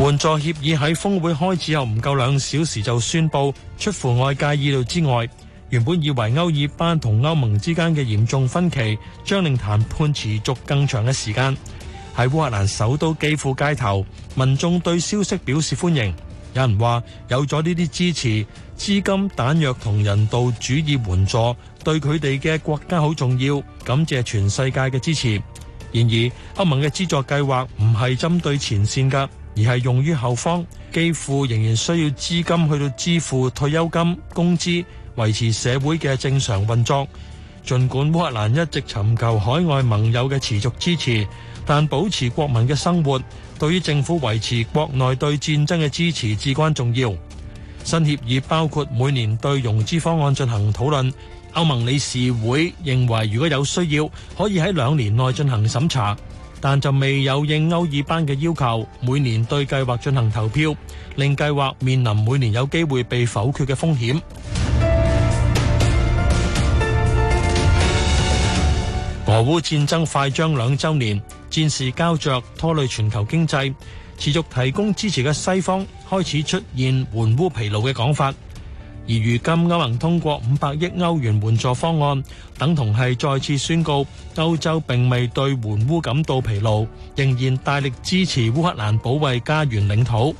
援助協議喺峰會開始後唔夠兩小時就宣佈，出乎外界意料之外。原本以為歐爾班同歐盟之間嘅嚴重分歧，將令談判持續更長嘅時間。喺烏克蘭首都基輔街頭，民眾對消息表示歡迎。有人話有咗呢啲支持、資金、彈藥同人道主義援助，對佢哋嘅國家好重要。感謝全世界嘅支持。然而，歐盟嘅資助計劃唔係針對前線噶。而係用於後方，基輔仍然需要資金去到支付退休金、工資，維持社會嘅正常運作。盡管烏克蘭一直尋求海外盟友嘅持續支持，但保持國民嘅生活對於政府維持國內對戰爭嘅支持至關重要。新協議包括每年對融資方案進行討論。歐盟理事會認為，如果有需要，可以喺兩年內進行審查。但就未有應歐爾班嘅要求，每年對計劃進行投票，令計劃面臨每年有機會被否決嘅風險。 <noise> 俄烏戰爭快將兩周年，戰事膠着，拖累全球經濟，持續提供支持嘅西方開始出現援烏疲勞嘅講法。而如今歐盟通過五百億歐元援助方案，等同係再次宣告歐洲並未對援烏感到疲勞，仍然大力支持烏克蘭保衛家園領土。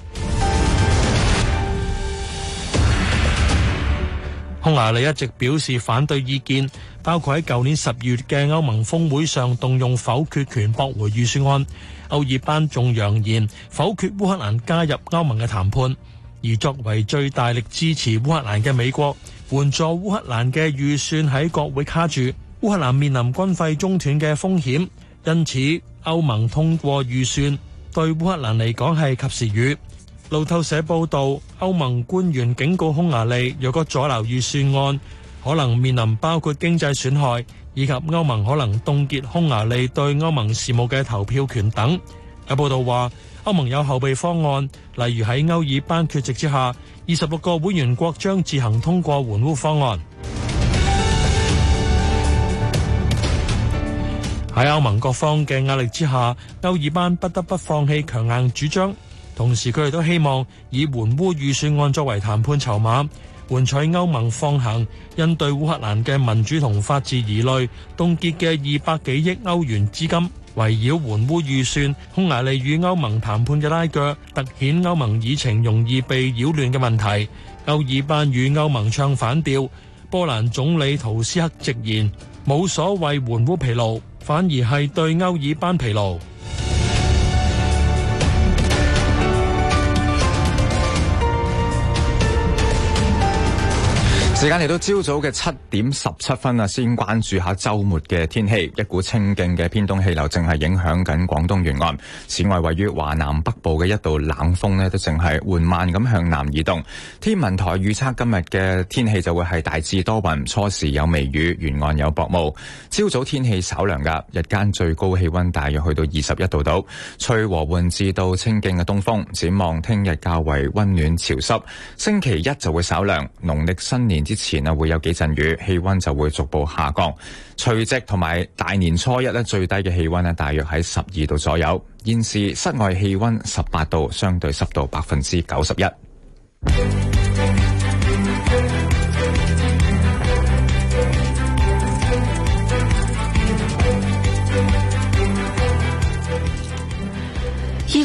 <noise> 匈牙利一直表示反對意見，包括喺舊年十月嘅歐盟峰會上動用否決權駁回預算案，歐爾班仲揚言否決烏克蘭加入歐盟嘅談判。而作為最大力支持烏克蘭嘅美國，援助烏克蘭嘅預算喺國會卡住，烏克蘭面臨軍費中斷嘅風險。因此，歐盟通過預算對烏克蘭嚟講係及時雨。路透社報道，歐盟官員警告匈牙利若果阻撓預算案，可能面臨包括經濟損害以及歐盟可能凍結匈牙利對歐盟事務嘅投票權等。有報道話，歐盟有後備方案，例如喺歐爾班缺席之下，二十六個會員國將自行通過援烏方案。喺歐盟各方嘅壓力之下，歐爾班不得不放棄強硬主張，同時佢哋都希望以援烏預算案作為談判籌碼，換取歐盟放行因對烏克蘭嘅民主同法治疑慮凍結嘅二百幾億歐元資金。圍繞援烏預算，匈牙利與歐盟談判嘅拉鋸，凸顯歐盟議程容易被擾亂嘅問題。歐爾班與歐盟唱反調，波蘭總理圖斯克直言：冇所謂援烏疲勞，反而係對歐爾班疲勞。時間嚟到朝早嘅七點十七分啊，先關注下周末嘅天氣。一股清勁嘅偏東氣流正係影響緊廣東沿岸，此外位於華南北部嘅一道冷鋒呢，都正係緩慢咁向南移動。天文台預測今日嘅天氣就會係大致多雲，初時有微雨，沿岸有薄霧。朝早天氣稍涼噶，日間最高氣溫大約去到二十一度到，吹和緩至到清勁嘅東風。展望聽日較為溫暖潮濕，星期一就會稍涼，農曆新年。之前啊，會有幾陣雨，氣温就會逐步下降。除夕同埋大年初一咧，最低嘅氣温咧，大約喺十二度左右。現時室外氣温十八度，相對濕度百分之九十一。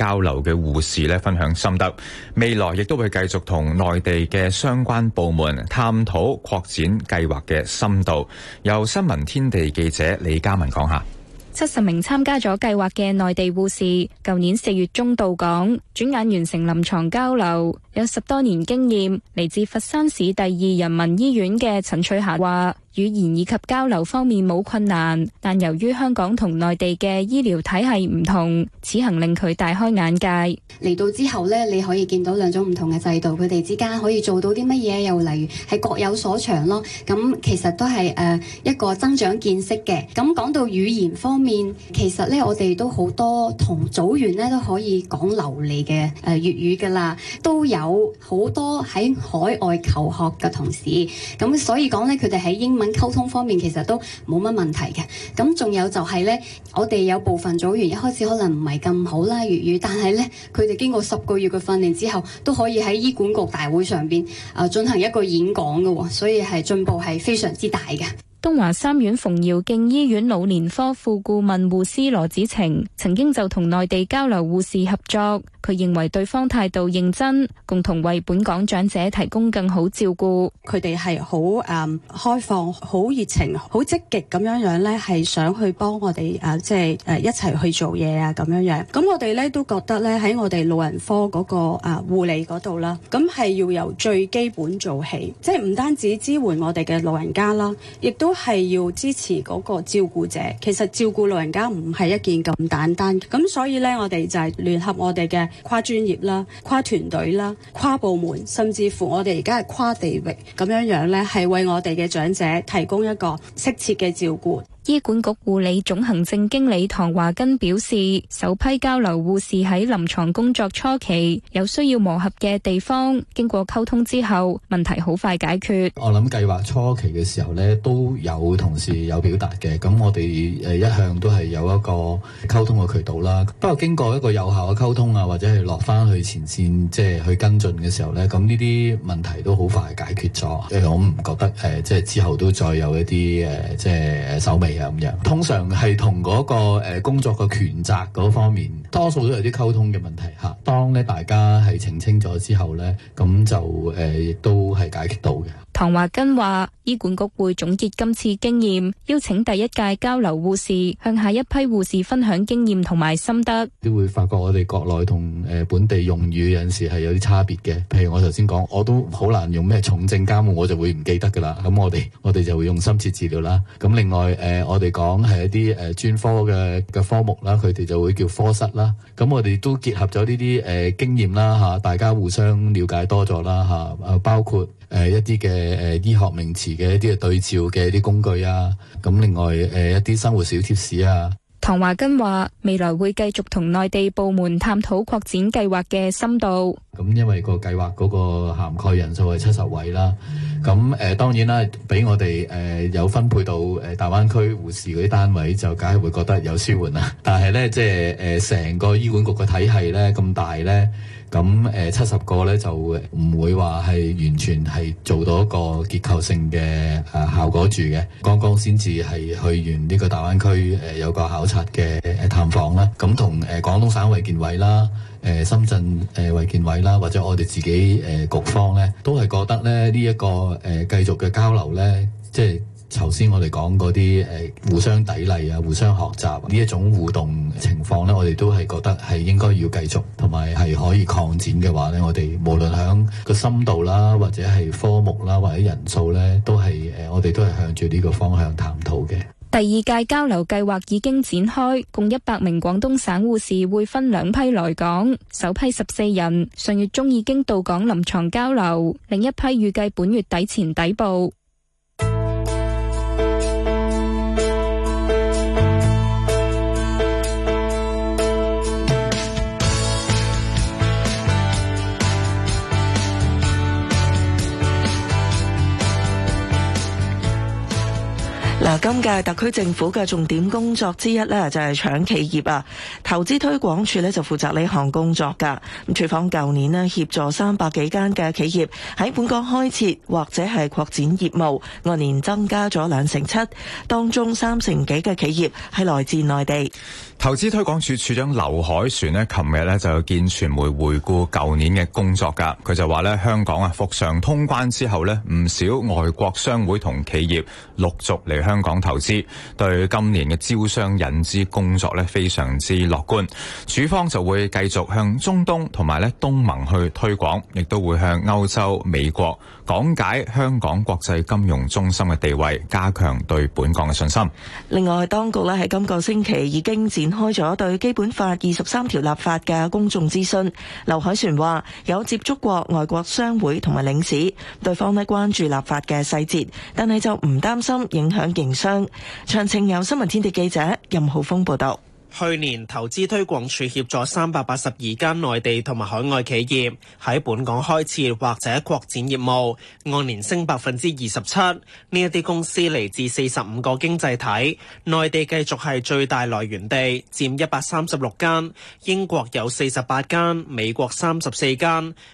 交流嘅護士呢，分享心得，未來亦都會繼續同內地嘅相關部門探討擴展計劃嘅深度。由新聞天地記者李嘉文講下：七十名參加咗計劃嘅內地護士，舊年四月中到港，轉眼完成臨床交流。有十多年經驗，嚟自佛山市第二人民醫院嘅陳翠霞話。語言以及交流方面冇困難，但由於香港同內地嘅醫療體系唔同，此行令佢大開眼界。嚟到之後呢，你可以見到兩種唔同嘅制度，佢哋之間可以做到啲乜嘢？又例如係各有所長咯。咁、嗯、其實都係誒、呃、一個增長見識嘅。咁、嗯、講到語言方面，其實呢，我哋都好多同組員呢都可以講流利嘅誒、呃、粵語㗎啦，都有好多喺海外求學嘅同事。咁、嗯、所以講呢，佢哋喺英溝通方面其實都冇乜問題嘅，咁仲有就係呢，我哋有部分組員一開始可能唔係咁好啦，粵語，但係呢，佢哋經過十個月嘅訓練之後，都可以喺醫管局大會上邊啊進行一個演講嘅，所以係進步係非常之大嘅。東華三院馮堯敬醫院老年科副顧問護師羅子晴曾經就同內地交流護士合作，佢認為對方態度認真，共同為本港長者提供更好照顧。佢哋係好誒開放、好熱情、好積極咁樣樣咧，係想去幫我哋誒，即係誒一齊去做嘢啊，咁樣樣。咁我哋咧都覺得咧喺我哋老人科嗰個誒護理嗰度啦，咁係要由最基本做起，即係唔單止支援我哋嘅老人家啦，亦都。都係要支持嗰個照顧者，其實照顧老人家唔係一件咁簡單，咁所以呢，我哋就係聯合我哋嘅跨專業啦、跨團隊啦、跨部門，甚至乎我哋而家係跨地域咁樣樣呢，係為我哋嘅長者提供一個適切嘅照顧。醫管局護理總行政經理唐華根表示，首批交流護士喺臨床工作初期有需要磨合嘅地方，經過溝通之後，問題好快解決。我諗計劃初期嘅時候咧，都有同事有表達嘅，咁我哋誒一向都係有一個溝通嘅渠道啦。不過經過一個有效嘅溝通啊，或者係落翻去前線，即係去跟進嘅時候呢，咁呢啲問題都好快解決咗。我唔覺得誒，即係之後都再有一啲誒，即係手尾。就是咁樣通常係同嗰個誒工作嘅權責嗰方面，多數都有啲溝通嘅問題吓。當咧大家係澄清咗之後咧，咁就誒亦都係解決到嘅。唐華根話：醫管局會總結今次經驗，邀請第一屆交流護士向下一批護士分享經驗同埋心得。都會發覺我哋國內同誒本地用語有陣時係有啲差別嘅。譬如我頭先講，我都好難用咩重症監護，我就會唔記得噶啦。咁我哋我哋就會用心切治療啦。咁另外誒。呃我哋講係一啲誒專科嘅嘅科目啦，佢哋就會叫科室啦。咁我哋都結合咗呢啲誒經驗啦吓，大家互相了解多咗啦吓。誒，包括誒一啲嘅誒醫學名詞嘅一啲對照嘅一啲工具啊。咁另外誒一啲生活小貼士啊。唐華根話：未來會繼續同內地部門探討擴展計劃嘅深度。咁因為個計劃嗰個涵蓋人數係七十位啦。咁誒、呃，當然啦，俾我哋誒、呃、有分配到誒大灣區護士嗰啲單位，就梗係會覺得有舒緩啦。但係咧，即係誒，成個醫管局嘅體系咧咁大咧。咁誒七十個咧就唔會話係完全係做到一個結構性嘅誒、啊、效果住嘅。剛剛先至係去完呢個大灣區誒、呃、有個考察嘅、呃、探訪啦。咁同誒廣東省衞健委啦、誒、呃、深圳誒衞、呃、健委啦，或者我哋自己誒、呃、局方咧，都係覺得咧呢一、這個誒、呃、繼續嘅交流咧，即係。頭先我哋講嗰啲誒互相砥礪啊，互相學習呢一種互動情況呢，我哋都係覺得係應該要繼續，同埋係可以擴展嘅話呢，我哋無論響個深度啦，或者係科目啦，或者人數呢，都係誒，我哋都係向住呢個方向探討嘅。第二屆交流計劃已經展開，共一百名廣東省護士會分兩批來港，首批十四人，上月中已經到港臨牀交流，另一批預計本月底前抵港。今屆特區政府嘅重點工作之一咧，就係搶企業啊！投資推廣署咧就負責呢項工作噶。咁，署方舊年咧協助三百幾間嘅企業喺本港開設或者係擴展業務，按年增加咗兩成七，當中三成幾嘅企業係來自內地。投資推廣署署長劉凱旋咧，琴日咧就見傳媒回顧舊年嘅工作噶。佢就話咧，香港啊復常通關之後咧，唔少外國商會同企業陸續嚟香港。港投資對今年嘅招商引資工作咧非常之樂觀，署方就會繼續向中東同埋咧東盟去推廣，亦都會向歐洲、美國講解香港國際金融中心嘅地位，加強對本港嘅信心。另外，當局咧喺今個星期已經展開咗對《基本法》二十三條立法嘅公眾諮詢。劉凱旋話：有接觸過外國商會同埋領事，對方咧關注立法嘅細節，但係就唔擔心影響營。詳情由新聞天地記者任浩峰報道。去年投資推廣署協助三百八十二間內地同埋海外企業喺本港開設或者擴展業務，按年升百分之二十七。呢一啲公司嚟自四十五個經濟體，內地繼續係最大來源地，佔一百三十六間。英國有四十八間，美國三十四間。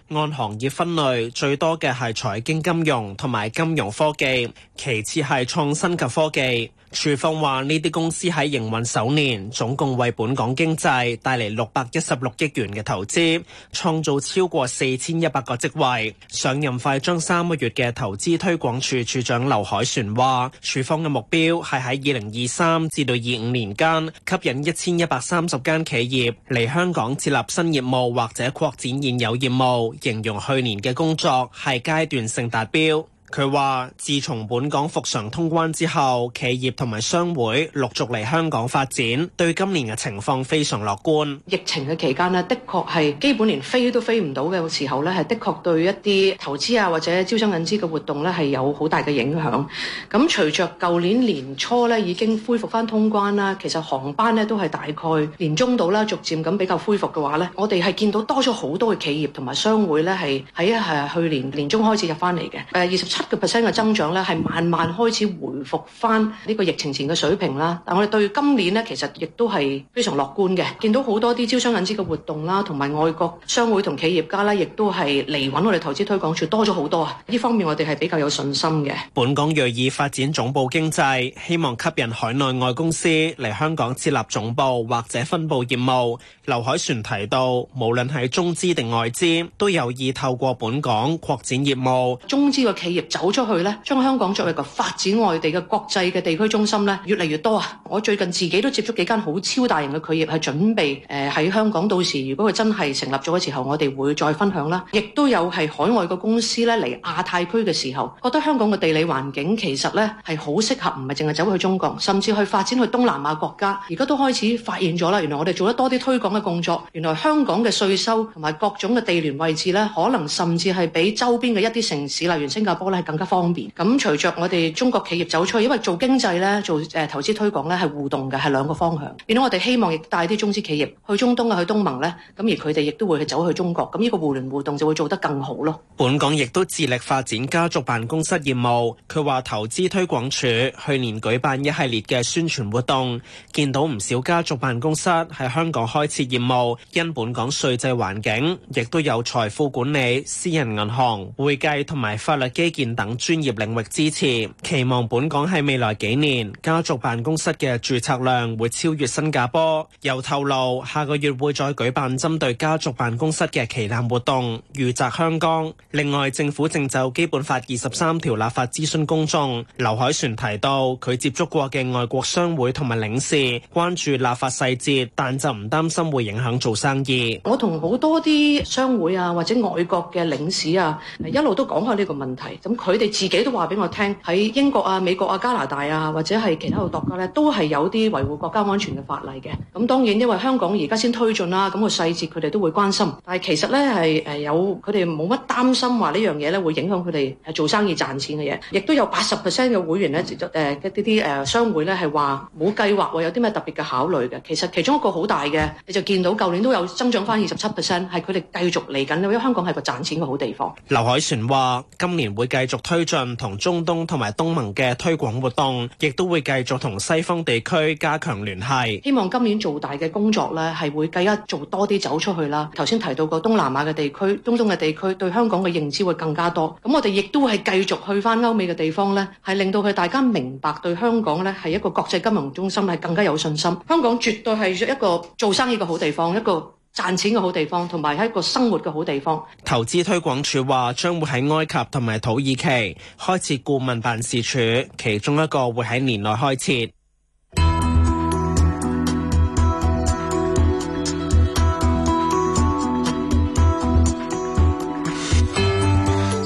按行業分類，最多嘅係財經金融同埋金融科技，其次係創新及科技。署方話：呢啲公司喺營運首年，總共為本港經濟帶嚟六百一十六億元嘅投資，創造超過四千一百個職位。上任快將三個月嘅投資推廣署署,署長劉凱旋話：，署方嘅目標係喺二零二三至到二五年間，吸引一千一百三十間企業嚟香港設立新業務或者擴展現有業務。形容去年嘅工作係階段性達標。佢話，自從本港復常通關之後，企業同埋商會陸續嚟香港發展，對今年嘅情況非常樂觀。疫情嘅期間呢，的確係基本連飛都飛唔到嘅時候呢，係的確對一啲投資啊，或者招商引資嘅活動呢，係有好大嘅影響。咁隨着舊年年初呢，已經恢復翻通關啦，其實航班呢都係大概年中度啦，逐漸咁比較恢復嘅話呢，我哋係見到多咗好多嘅企業同埋商會呢係喺誒去年年中開始入翻嚟嘅，誒二十七個 percent 嘅增長咧，係慢慢開始回復翻呢個疫情前嘅水平啦。但我哋對今年咧，其實亦都係非常樂觀嘅。見到好多啲招商引資嘅活動啦，同埋外國商會同企業家咧，亦都係嚟揾我哋投資推廣署多咗好多啊！呢方面我哋係比較有信心嘅。本港銳意發展總部經濟，希望吸引海內外公司嚟香港設立總部或者分部業務。劉凱旋提到，無論係中資定外資，都有意透過本港擴展業務。中資嘅企業。走出去呢，將香港作為一個發展外地嘅國際嘅地區中心呢，越嚟越多啊！我最近自己都接觸幾間好超大型嘅企業，係準備誒喺、呃、香港。到時如果佢真係成立咗嘅時候，我哋會再分享啦。亦都有係海外嘅公司呢嚟亞太區嘅時候，覺得香港嘅地理環境其實呢，係好適合，唔係淨係走去中國，甚至去發展去東南亞國家。而家都開始發現咗啦，原來我哋做得多啲推廣嘅工作，原來香港嘅稅收同埋各種嘅地緣位置呢，可能甚至係俾周邊嘅一啲城市，例如新加坡咧。係更加方便。咁隨着我哋中國企業走出去，因為做經濟咧，做誒投資推廣咧係互動嘅，係兩個方向。變到我哋希望亦帶啲中資企業去中東啊，去東盟咧。咁而佢哋亦都會去走去中國。咁呢個互聯互動就會做得更好咯。本港亦都致力發展家族辦公室業務。佢話投資推廣署去年舉辦一系列嘅宣傳活動，見到唔少家族辦公室喺香港開設業務。因本港稅制環境，亦都有財富管理、私人銀行、會計同埋法律基建，等專業領域支持，期望本港喺未來幾年家族辦公室嘅註冊量會超越新加坡。又透露下個月會再舉辦針對家族辦公室嘅旗艦活動，預擲香港。另外，政府正就《基本法》二十三條立法諮詢公眾。劉凱旋提到，佢接觸過嘅外國商會同埋領事，關注立法細節，但就唔擔心會影響做生意。我同好多啲商會啊，或者外國嘅領事啊，一路都講開呢個問題。佢哋自己都話俾我聽，喺英國啊、美國啊、加拿大啊，或者係其他個國家咧，都係有啲維護國家安全嘅法例嘅。咁當然因為香港而家先推進啦，咁個細節佢哋都會關心。但係其實咧係誒有佢哋冇乜擔心話呢樣嘢咧會影響佢哋係做生意賺錢嘅嘢。亦都有八十 percent 嘅會員咧，誒一啲啲誒商會咧係話冇計劃喎，或有啲咩特別嘅考慮嘅。其實其中一個好大嘅，你就見到舊年都有增長翻二十七 percent，係佢哋繼續嚟緊因為香港係個賺錢嘅好地方。劉海璇話：今年會計。繼續推進同中東同埋東盟嘅推廣活動，亦都會繼續同西方地區加強聯繫。希望今年做大嘅工作咧，係會更加做多啲走出去啦。頭先提到過東南亞嘅地區、中東嘅地區，對香港嘅認知會更加多。咁我哋亦都係繼續去翻歐美嘅地方咧，係令到佢大家明白，對香港咧係一個國際金融中心，係更加有信心。香港絕對係一個做生意嘅好地方，一個。賺錢嘅好地方，同埋係一個生活嘅好地方。投資推廣署話將會喺埃及同埋土耳其開設顧問辦事處，其中一個會喺年內開設。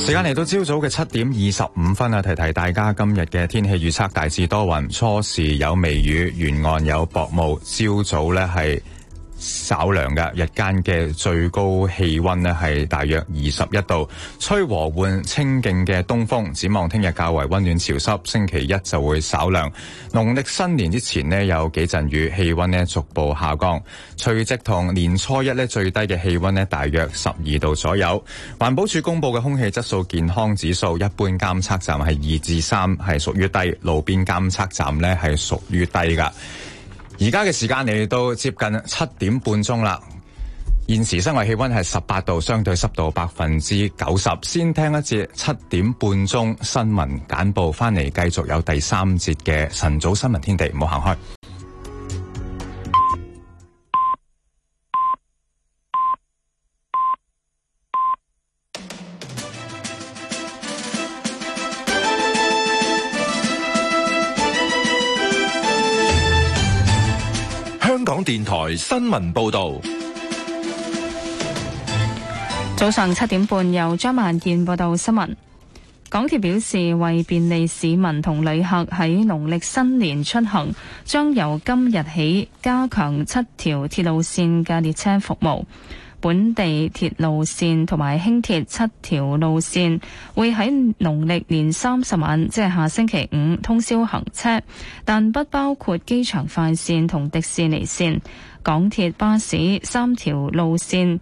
時間嚟到朝早嘅七點二十五分啊！提提大家，今日嘅天氣預測：大致多雲，初時有微雨，沿岸有薄霧。朝早呢係。稍涼嘅日間嘅最高氣溫呢係大約二十一度，吹和緩清勁嘅東風，展望聽日較為溫暖潮濕，星期一就會稍涼。農曆新年之前呢，有幾陣雨，氣溫呢逐步下降。除夕同年初一呢，最低嘅氣溫呢大約十二度左右。環保署公布嘅空氣質素健康指數一般監測站係二至三，係屬於低；路邊監測站呢，係屬於低噶。而家嘅時間嚟到接近七點半鐘啦，現時室外氣溫係十八度，相對濕度百分之九十。先聽一節七點半鐘新聞簡報，翻嚟繼續有第三節嘅晨早新聞天地，唔好行開。電台新聞報道：早上七點半，由張萬健報道新聞。港鐵表示，為便利市民同旅客喺農曆新年出行，將由今日起加強七條鐵路線嘅列車服務。本地鐵路線同埋輕鐵七條路線會喺農曆農曆年三十晚，即係下星期五通宵行車，但不包括機場快線同迪士尼線。港鐵巴士三條路線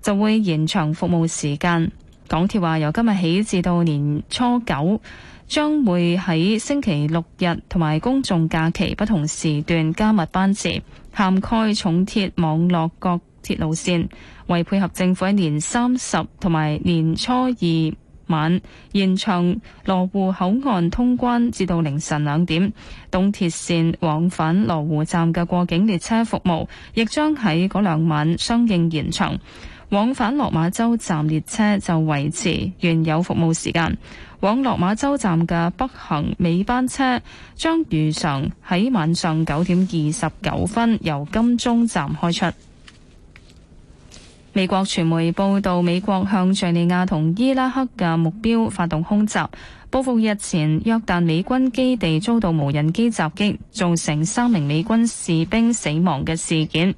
就會延長服務時間。港鐵話由今日起至到年初九，將會喺星期六日同埋公眾假期不同時段加密班次，涵蓋重鐵網絡各鐵路線為配合政府喺年三十同埋年初二晚延長羅湖口岸通關，至到凌晨兩點。東鐵線往返羅湖站嘅過境列車服務亦將喺嗰兩晚相應延長。往返落馬洲站列車就維持原有服務時間。往落馬洲站嘅北行尾班車將如常喺晚上九點二十九分由金鐘站開出。美國傳媒報道，美國向敘利亞同伊拉克嘅目標發動空襲，報復日前約旦美軍基地遭到無人機襲擊，造成三名美軍士兵死亡嘅事件。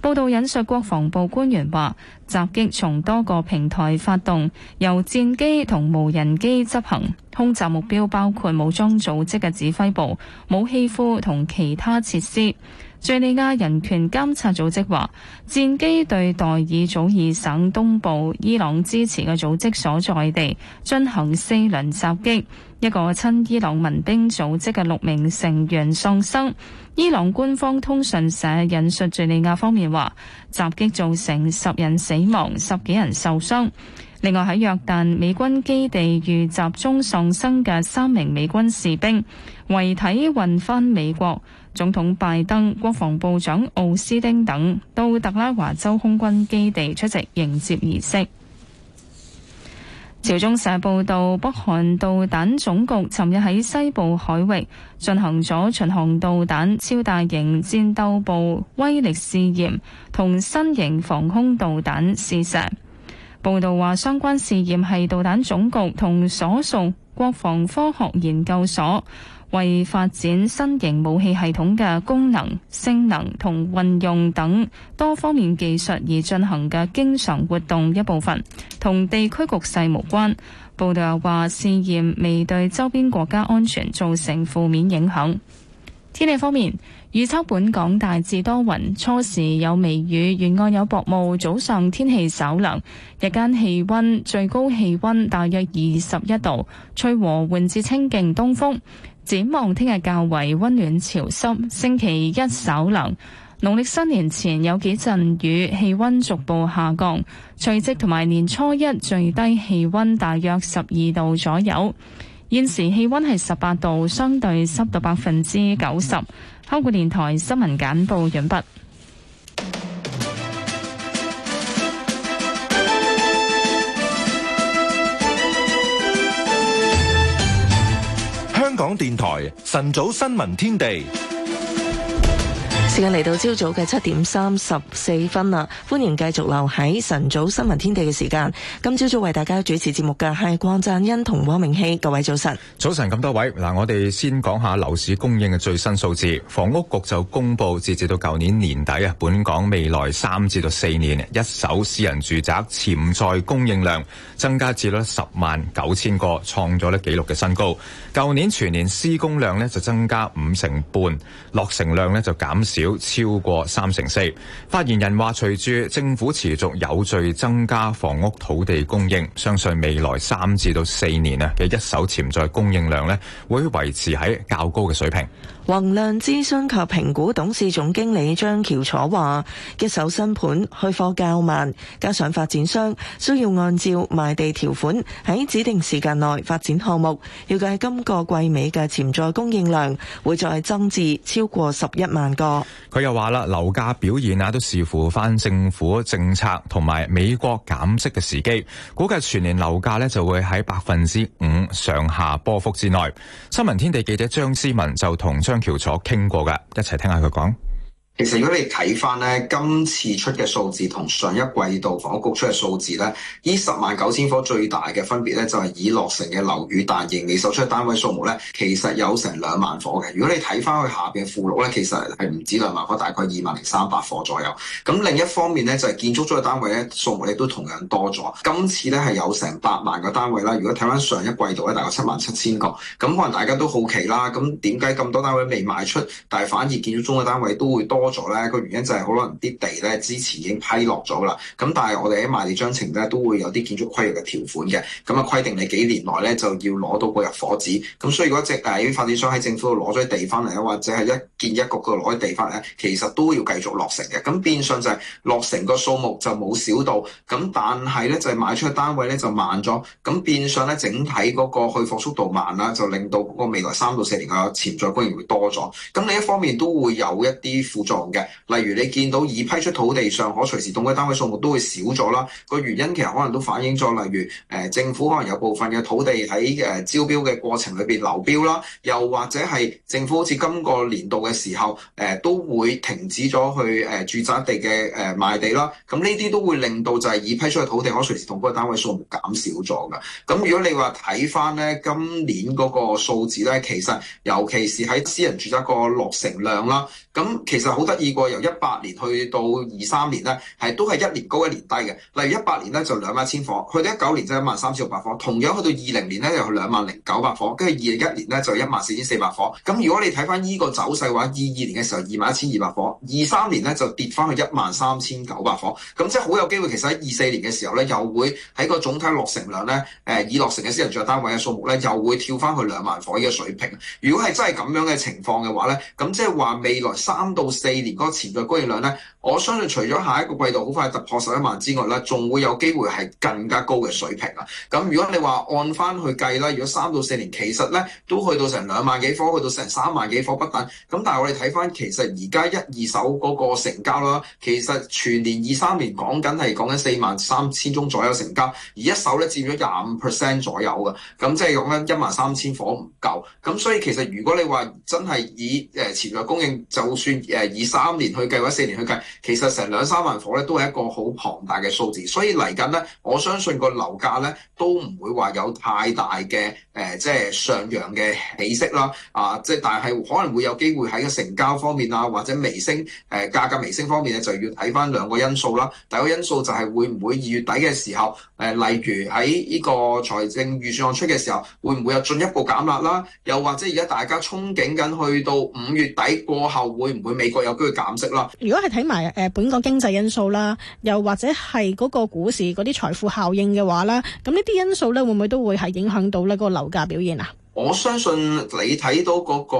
報道引述國防部官員話，襲擊從多個平台發動，由戰機同無人機執行。空襲目標包括武裝組織嘅指揮部、武器庫同其他設施。敘利亞人權監察組織話，戰機對代爾祖爾省東部伊朗支持嘅組織所在地進行四輪襲擊，一個親伊朗民兵組織嘅六名成員喪生。伊朗官方通訊社引述敘利亞方面話，襲擊造成十人死亡、十幾人受傷。另外喺約旦美軍基地遇襲中喪生嘅三名美軍士兵遺體運返美國，總統拜登、國防部長奧斯丁等到特拉華州空軍基地出席迎接儀式。朝中社報道，北韓導彈總局尋日喺西部海域進行咗巡航導彈超大型戰鬥部威力試驗同新型防空導彈試射。報道話，相關試驗係導彈總局同所屬國防科學研究所為發展新型武器系統嘅功能、性能同運用等多方面技術而進行嘅經常活動一部分，同地區局勢無關。報道又話，試驗未對周邊國家安全造成負面影響。天氣方面。預測本港大致多雲，初時有微雨，沿岸有薄霧。早上天氣稍冷。日間氣溫最高氣溫大約二十一度，吹和緩至清勁東風。展望聽日較為溫暖潮濕，星期一稍冷。農曆新年前有幾陣雨，氣溫逐步下降，除夕同埋年初一最低氣溫大約十二度左右。現時氣溫係十八度，相對濕度百分之九十。香港電台新聞簡報，完畢。香港電台晨早新聞天地。時間嚟到朝早嘅七點三十四分啦，歡迎繼續留喺晨早新聞天地嘅時間。今朝早為大家主持節目嘅係鄺讚欣同黃明希，各位早、早晨。早晨咁多位，嗱，我哋先講下樓市供應嘅最新數字。房屋局就公佈，截至到舊年年底啊，本港未來三至到四年一手私人住宅潛在供應量增加至咧十萬九千個，創咗咧紀錄嘅新高。舊年全年施工量咧就增加五成半，落成量咧就減少。超過三成四。發言人話，隨住政府持續有序增加房屋土地供應，相信未來三至到四年啊嘅一手潛在供應量咧，會維持喺較高嘅水平。宏亮諮詢及評估董事總經理張喬楚話：一手新盤去貨較慢，加上發展商需要按照賣地條款喺指定時間內發展項目，預計今個季尾嘅潛在供應量會再增至超過十一萬個。佢又話啦，樓價表現啊都視乎翻政府政策同埋美國減息嘅時機，估計全年樓價咧就會喺百分之五上下波幅之內。新聞天地記者張思文就同張張橋楚傾過噶，一齊聽下佢講。其實如果你睇翻咧，今次出嘅數字同上一季度房屋局出嘅數字咧，依十萬九千伙最大嘅分別咧就係已落成嘅樓宇但仍未售出嘅單位數目咧，其實有成兩萬伙嘅。如果你睇翻去下邊附錄咧，其實係唔止兩萬伙，大概二萬零三百伙左右。咁另一方面咧就係建築中嘅單位咧數目亦都同樣多咗。今次咧係有成八萬個單位啦。如果睇翻上一季度咧，大概七萬七千個。咁可能大家都好奇啦，咁點解咁多單位未賣出，但係反而建築中嘅單位都會多？多咗咧，個原因就係可能啲地咧之前已經批落咗啦，咁但係我哋喺賣地章程咧都會有啲建築規約嘅條款嘅，咁啊規定你幾年內咧就要攞到個入伙紙，咁所以嗰隻啊啲發展商喺政府度攞咗啲地翻嚟啊，或者係一建一局嘅攞啲地翻嚟咧，其實都要繼續落成嘅，咁變相就係落成個數目就冇少到，咁但係咧就係、是、賣出嘅單位咧就慢咗，咁變相咧整體嗰個去貨速度慢啦，就令到嗰個未來三到四年嘅潛在供應會多咗，咁另一方面都會有一啲附著。嘅，例如你見到已批出土地上可隨時動嘅單位數目都會少咗啦，個原因其實可能都反映咗，例如誒、呃、政府可能有部分嘅土地喺誒、呃、招標嘅過程裏邊流標啦，又或者係政府好似今個年度嘅時候誒、呃、都會停止咗去誒、呃、住宅地嘅誒、呃、賣地啦，咁呢啲都會令到就係已批出嘅土地可隨時動嘅單位數目減少咗㗎。咁、呃、如果你話睇翻咧今年嗰個數字咧，其實尤其是喺私人住宅個落成量啦，咁、呃、其實好。好得意過由一八年去到二三年咧，係都係一年高一年低嘅。例如一八年咧就兩萬一千伙，去到一九年就一萬三千六百伙，同樣去到二零年咧就兩萬零九百伙，跟住二零一年咧就一萬四千四百伙。咁如果你睇翻呢個走勢嘅話，二二年嘅時候二萬一千二百伙，二三年咧就跌翻去一萬三千九百伙。咁即係好有機會，其實喺二四年嘅時候咧，又會喺個總體落成量咧，誒、呃、已落成嘅私人住宅單位嘅數目咧，又會跳翻去兩萬伙呢個水平。如果係真係咁樣嘅情況嘅話咧，咁即係話未來三到四。年嗰個潛在供應量咧，我相信除咗下一個季度好快突破十一萬之外咧，仲會有機會係更加高嘅水平啊！咁如果你話按翻去計啦，如果三到四年其實咧都去到成兩萬幾夥，去到成三萬幾夥不等。咁但係我哋睇翻，其實而家一二手嗰個成交啦，其實全年二三年講緊係講緊四萬三千宗左右成交，而一手咧佔咗廿五 percent 左右嘅。咁即係講緊一萬三千夥唔夠。咁所以其實如果你話真係以誒、呃、潛在供應，就算誒、呃、以三年去計或者四年去計，其實成兩三萬伙咧都係一個好龐大嘅數字，所以嚟緊咧，我相信個樓價咧都唔會話有太大嘅誒，即、呃、係、就是、上揚嘅起色啦。啊，即係但係可能會有機會喺個成交方面啊，或者微升誒、呃，價格微升方面咧，就要睇返兩個因素啦。第一個因素就係會唔會二月底嘅時候，誒、呃，例如喺呢個財政預算案出嘅時候，會唔會有進一步減壓啦？又或者而家大家憧憬緊去到五月底過後，會唔會美國有？如果係睇埋誒本港經濟因素啦，又或者係嗰個股市嗰啲財富效應嘅話啦，咁呢啲因素咧會唔會都會係影響到咧嗰個樓價表現啊？我相信你睇到嗰個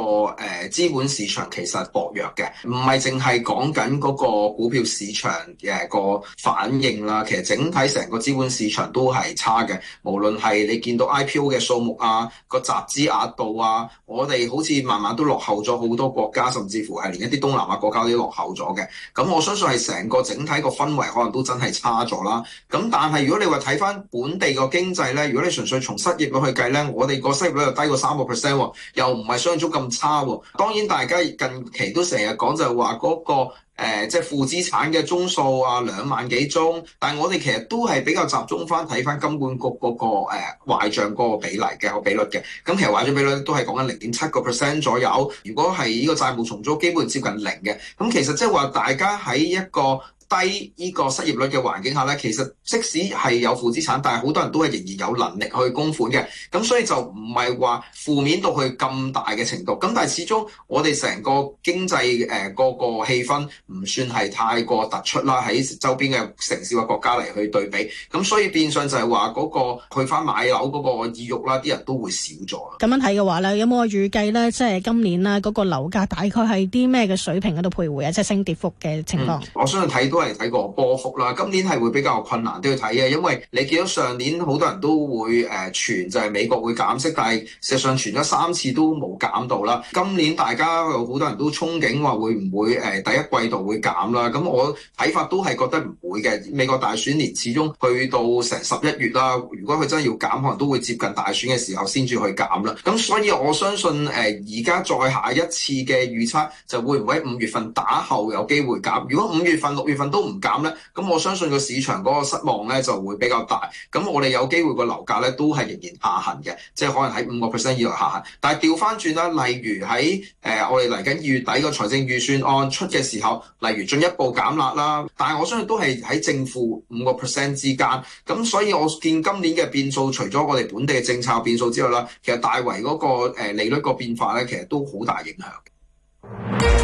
誒資本市場其實薄弱嘅，唔係淨係講緊嗰個股票市場嘅個反應啦。其實整體成個資本市場都係差嘅，無論係你見到 IPO 嘅數目啊，個集資額度啊，我哋好似慢慢都落後咗好多國家，甚至乎係連一啲東南亞國家都落後咗嘅。咁我相信係成個整體個氛圍可能都真係差咗啦。咁但係如果你話睇翻本地個經濟咧，如果你純粹從失業率去計咧，我哋個失業率又低。喺個三個 percent，又唔係相對咁差喎。當然，大家近期都成日講就係話嗰個、呃、即係負資產嘅宗數啊，兩萬幾宗。但係我哋其實都係比較集中翻睇翻金管局嗰、那個誒、呃、壞賬嗰個比例嘅比率嘅。咁、嗯、其實壞賬比率都係講緊零點七個 percent 左右。如果係呢個債務重組，基本接近零嘅。咁、嗯、其實即係話大家喺一個。低呢個失業率嘅環境下咧，其實即使係有負資產，但係好多人都係仍然有能力去供款嘅。咁所以就唔係話負面到去咁大嘅程度。咁但係始終我哋成個經濟誒、呃、個個氣氛唔算係太過突出啦。喺周邊嘅城市或國家嚟去對比，咁所以變相就係話嗰個去翻買樓嗰個意欲啦，啲人都會少咗。咁樣睇嘅話咧，有冇預計咧，即係今年咧嗰個樓價大概係啲咩嘅水平喺度徘徊啊？即係升跌幅嘅情況、嗯。我相信睇。都係睇過波幅啦，今年係會比較困難都要睇嘅，因為你見到上年好多人都會誒、呃、傳就係美國會減息，但係事實上傳咗三次都冇減到啦。今年大家有好多人都憧憬，話會唔會誒、呃、第一季度會減啦，咁我睇法都係覺得唔會嘅。美國大選年始終去到成十一月啦，如果佢真係要減可能都會接近大選嘅時候先至去減啦。咁所以我相信誒，而家再下一次嘅預測就會唔會喺五月份打後有機會減，如果五月份、六月份，都唔減咧，咁我相信個市場嗰個失望咧就會比較大。咁我哋有機會個樓價咧都係仍然下行嘅，即係可能喺五個 percent 以內下行。但係調翻轉啦，例如喺誒、呃、我哋嚟緊二月底個財政預算案出嘅時候，例如進一步減壓啦。但係我相信都係喺正負五個 percent 之間。咁所以我見今年嘅變數，除咗我哋本地嘅政策變數之外啦，其實大圍嗰個利率個變化咧，其實都好大影響。 <music>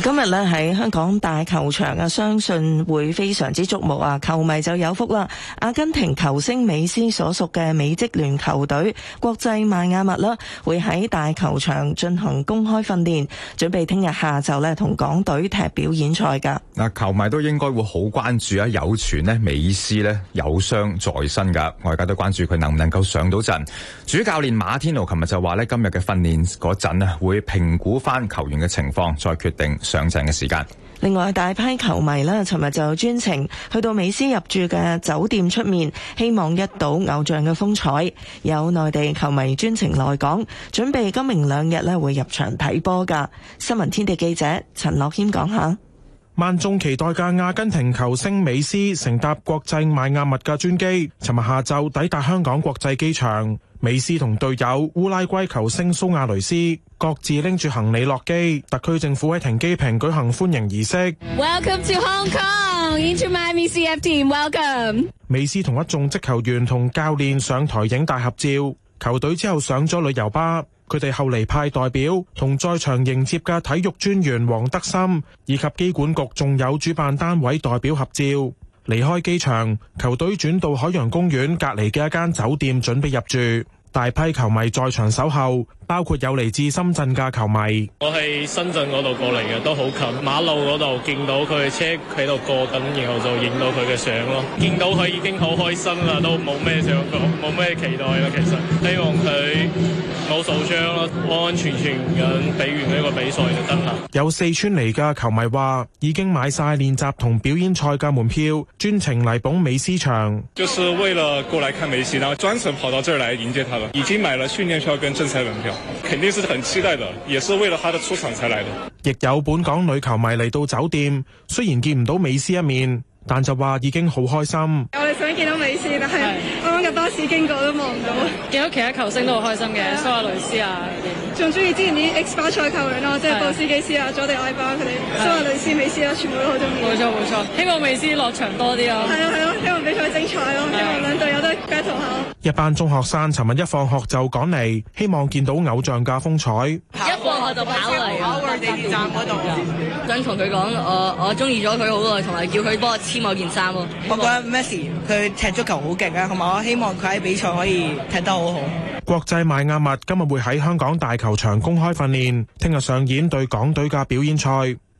今日咧喺香港大球場啊，相信會非常之矚目啊！球迷就有福啦！阿根廷球星美斯所屬嘅美職聯球隊國際邁亞密啦，會喺大球場進行公開訓練，準備聽日下晝咧同港隊踢表演賽噶。嗱，球迷都應該會好關注啊！有傳咧美斯咧有傷在身噶，外界都關注佢能唔能夠上到陣。主教練馬天奴琴日就話咧，今日嘅訓練嗰陣啊，會評估翻球員嘅情況，再決定。上陣嘅時間。另外，大批球迷咧，尋日就專程去到美斯入住嘅酒店出面，希望一睹偶像嘅風采。有內地球迷專程來港，準備今明兩日咧會入場睇波噶。新聞天地記者陳樂謙講下：萬眾期待嘅阿根廷球星美斯，乘搭國際邁阿密嘅專機，尋日下晝抵達香港國際機場。美斯同隊友烏拉圭球星蘇亞雷斯各自拎住行李落機，特區政府喺停機坪舉行歡迎儀式。Welcome to Hong Kong, Inter Miami CF team. Welcome。美斯同一眾職球員同教練上台影大合照，球隊之後上咗旅遊巴，佢哋後嚟派代表同在場迎接嘅體育專員黃德森，以及機管局，仲有主辦單位代表合照。離開機場，球隊轉到海洋公園隔籬嘅一間酒店準備入住，大批球迷在場守候。包括有嚟自深圳嘅球迷，我係深圳嗰度過嚟嘅，都好近，馬路嗰度見到佢車喺度過緊，然後就影到佢嘅相咯。見到佢已經好開心啦，都冇咩想講，冇咩期待啦。其實希望佢冇受傷咯，安安全全咁俾完呢個比賽就得啦。有四川嚟嘅球迷話，已經買晒練習同表演賽嘅門票，專程嚟捧美斯場。就是為了過嚟看梅西，然後專程跑到這兒來迎接他啦。已經買了訓練票跟正賽門票。肯定是很期待的，也是為了他的出場才來的。亦有本港女球迷嚟到酒店，雖然見唔到美斯一面，但就話已經好開心。我哋想見到美斯，但係。今日巴士經過都望唔到，見到其他球星都好開心嘅，蘇亞雷斯啊，仲中意之前啲 X 巴賽球員咯，即係布斯基斯啊、佐迪埃巴佢哋蘇亞雷斯、美斯啊，全部都好中意。冇錯冇錯，希望美斯落場多啲啊！係啊，係啊，希望比賽精彩咯，希望兩隊有得 battle 下咯。一班中學生尋日一放學就趕嚟，希望見到偶像嘅風采。一放學就跑嚟啊！喺地鐵站嗰度嘅。想同佢講，我我中意咗佢好耐，同埋叫佢幫我簽我件衫。我覺得 Messi 佢踢足球好勁啊，同埋我希望佢喺比賽可以踢得好好。國際邁亞密今日會喺香港大球場公開訓練，聽日上演對港隊嘅表演賽。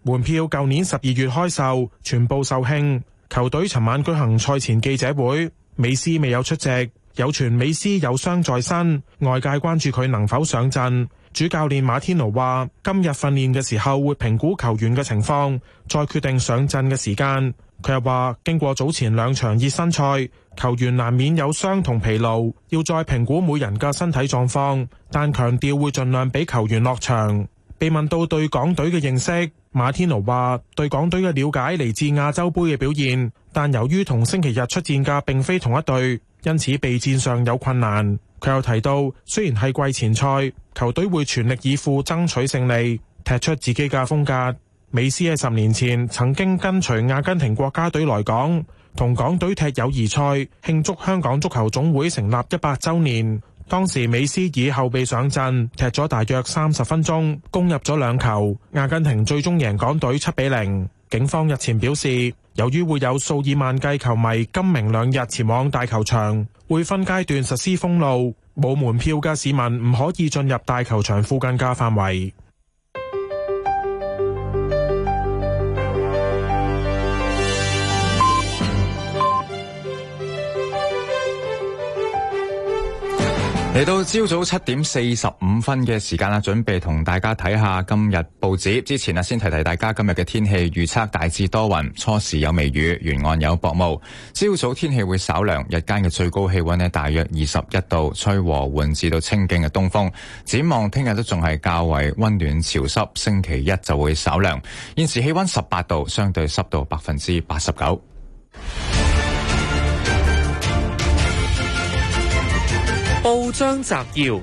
門票舊年十二月開售，全部售罄。球隊尋晚舉行賽前記者會，美斯未有出席，有傳美斯有傷在身，外界關注佢能否上陣。主教練馬天奴話：今日訓練嘅時候會評估球員嘅情況，再決定上陣嘅時間。佢又話：經過早前兩場熱身賽，球員難免有傷同疲勞，要再評估每人嘅身體狀況。但強調會盡量俾球員落場。被問到對港隊嘅認識，馬天奴話：對港隊嘅了解嚟自亞洲盃嘅表現，但由於同星期日出戰嘅並非同一隊，因此備戰上有困難。佢又提到，雖然係季前賽，球隊會全力以赴爭取勝利，踢出自己嘅風格。美斯喺十年前曾經跟隨阿根廷國家隊來港，同港隊踢友誼賽，慶祝香港足球總會成立一百週年。當時美斯以後備上陣，踢咗大約三十分鐘，攻入咗兩球。阿根廷最終贏港隊七比零。警方日前表示，由於會有數以萬計球迷今明兩日前往大球場，會分階段實施封路，冇門票嘅市民唔可以進入大球場附近嘅範圍。嚟到朝早七點四十五分嘅時間啦，準備同大家睇下今日報紙。之前啊，先提提大家今日嘅天氣預測，大致多雲，初時有微雨，沿岸有薄霧。朝早天氣會稍涼，日間嘅最高氣溫呢，大約二十一度，吹和緩至到清勁嘅東風。展望聽日都仲係較為溫暖潮濕，星期一就會稍涼。現時氣溫十八度，相對濕度百分之八十九。張澤堯，《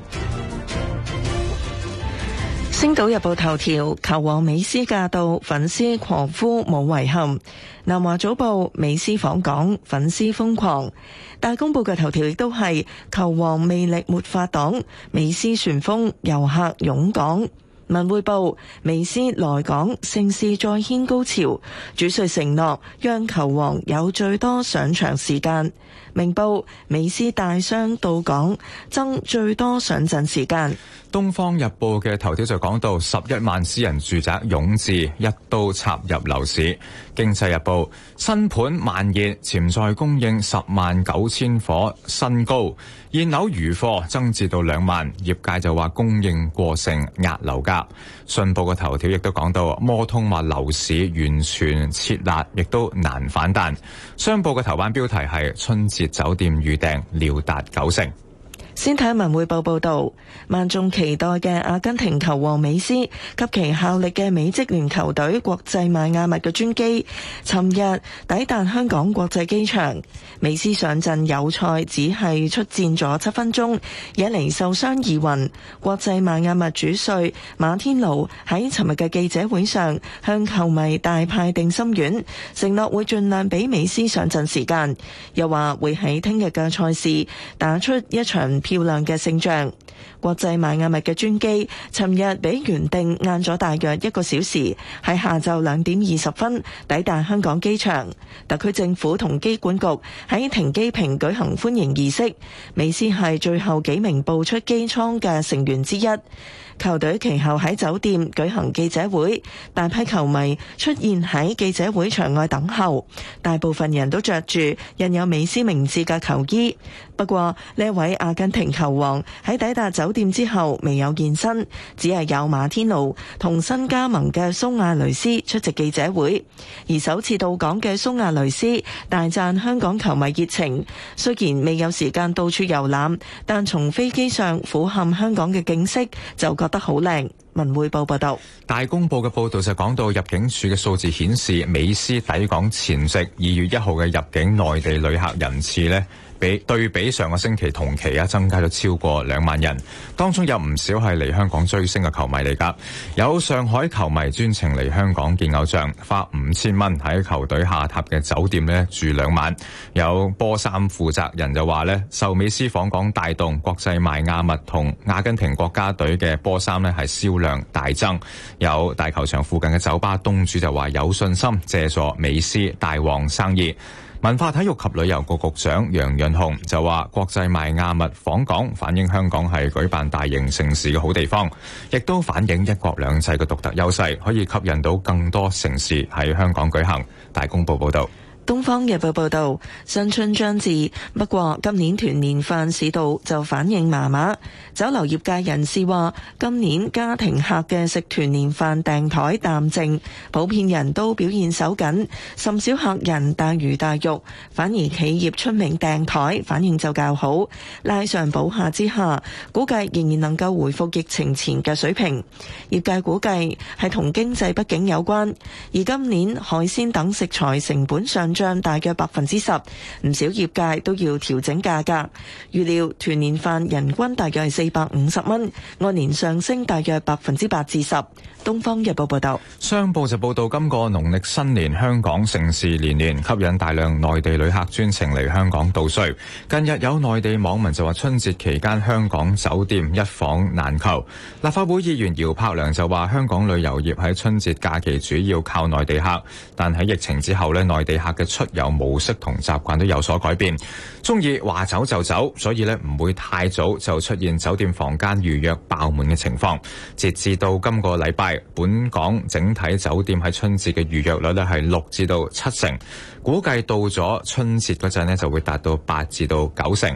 星島日報》頭條：球王美斯駕到，粉絲狂呼冇遺憾。南華早報：美斯訪港，粉絲瘋狂。大公報嘅頭條亦都係：球王魅力沒法擋，美斯旋風遊客湧港。文匯報：美斯來港，盛事再掀高潮。主帥承諾讓球王有最多上場時間。明報：美斯大傷到港，爭最多上陣時間。《東方日報》嘅頭條就講到十一萬私人住宅湧至，一刀插入樓市。《經濟日報》新盤慢熱，潛在供應十萬九千伙，新高；現樓餘貨增至到兩萬，業界就話供應過剩壓樓價。信報嘅頭條亦都講到摩通話樓市完全撤辣，亦都難反彈。商報嘅頭版標題係春節酒店預訂料達九成。先睇文匯報報道，萬眾期待嘅阿根廷球王美斯及其效力嘅美職聯球隊國際邁亞密嘅專機，尋日抵達香港國際機場。美斯上陣友賽，只係出戰咗七分鐘，惹嚟受傷疑雲。國際邁亞密主帥馬天奴喺尋日嘅記者會上向球迷大派定心丸，承諾會盡量俾美斯上陣時間，又話會喺聽日嘅賽事打出一場。漂亮嘅聖像，國際邁阿密嘅專機，尋日比原定晏咗大約一個小時，喺下晝兩點二十分抵達香港機場。特區政府同機管局喺停機坪舉行歡迎儀式。美斯係最後幾名步出機艙嘅成員之一。球隊其後喺酒店舉行記者會，大批球迷出現喺記者會場外等候，大部分人都着住印有美斯名字嘅球衣。不過呢位阿根廷球王喺抵達酒店之後未有現身，只係有馬天奴同新加盟嘅蘇亞雷斯出席記者會。而首次到港嘅蘇亞雷斯大讚香港球迷熱情，雖然未有時間到處遊覽，但從飛機上俯瞰香港嘅景色就覺得好靚！文匯報報道，大公報嘅報道就講到入境處嘅數字顯示，美斯抵港前夕二月一號嘅入境內地旅客人次咧。對比上個星期同期啊，增加咗超過兩萬人，當中有唔少係嚟香港追星嘅球迷嚟㗎，有上海球迷專程嚟香港見偶像，花五千蚊喺球隊下榻嘅酒店咧住兩晚。有波衫負責人就話呢，受美斯訪港帶動，國際邁阿密同阿根廷國家隊嘅波衫咧係銷量大增。有大球場附近嘅酒吧東主就話有信心借助美斯大旺生意。文化體育及旅遊局局長楊潤雄就話：國際邁阿密訪港，反映香港係舉辦大型城市嘅好地方，亦都反映一國兩制嘅獨特優勢，可以吸引到更多城市喺香港舉行。大公報報道。《東方日報》報道，新春將至，不過今年團年飯市道就反應麻麻。酒樓業界人士話，今年家庭客嘅食團年飯訂台淡靜，普遍人都表現手緊，甚少客人大魚大肉，反而企業出名訂台反應就較好。拉上補下之下，估計仍然能夠回復疫情前嘅水平。業界估計係同經濟不景有關，而今年海鮮等食材成本上漲大約百分之十，唔少業界都要調整價格。預料團年飯人均大約係四百五十蚊，按年上升大約百分之八至十。東方日報報道，商報就報道，今個農曆新年，香港盛事連連，吸引大量內地旅客專程嚟香港度歲。近日有內地網民就話，春節期間香港酒店一房難求。立法會議員姚柏良就話，香港旅遊業喺春節假期主要靠內地客，但喺疫情之後咧，內地客嘅出遊模式同習慣都有所改變，中意話走就走，所以咧唔會太早就出現酒店房間預約爆滿嘅情況。截至到今個禮拜，本港整體酒店喺春節嘅預約率咧係六至到七成。估計到咗春節嗰陣呢，就會達到八至到九成。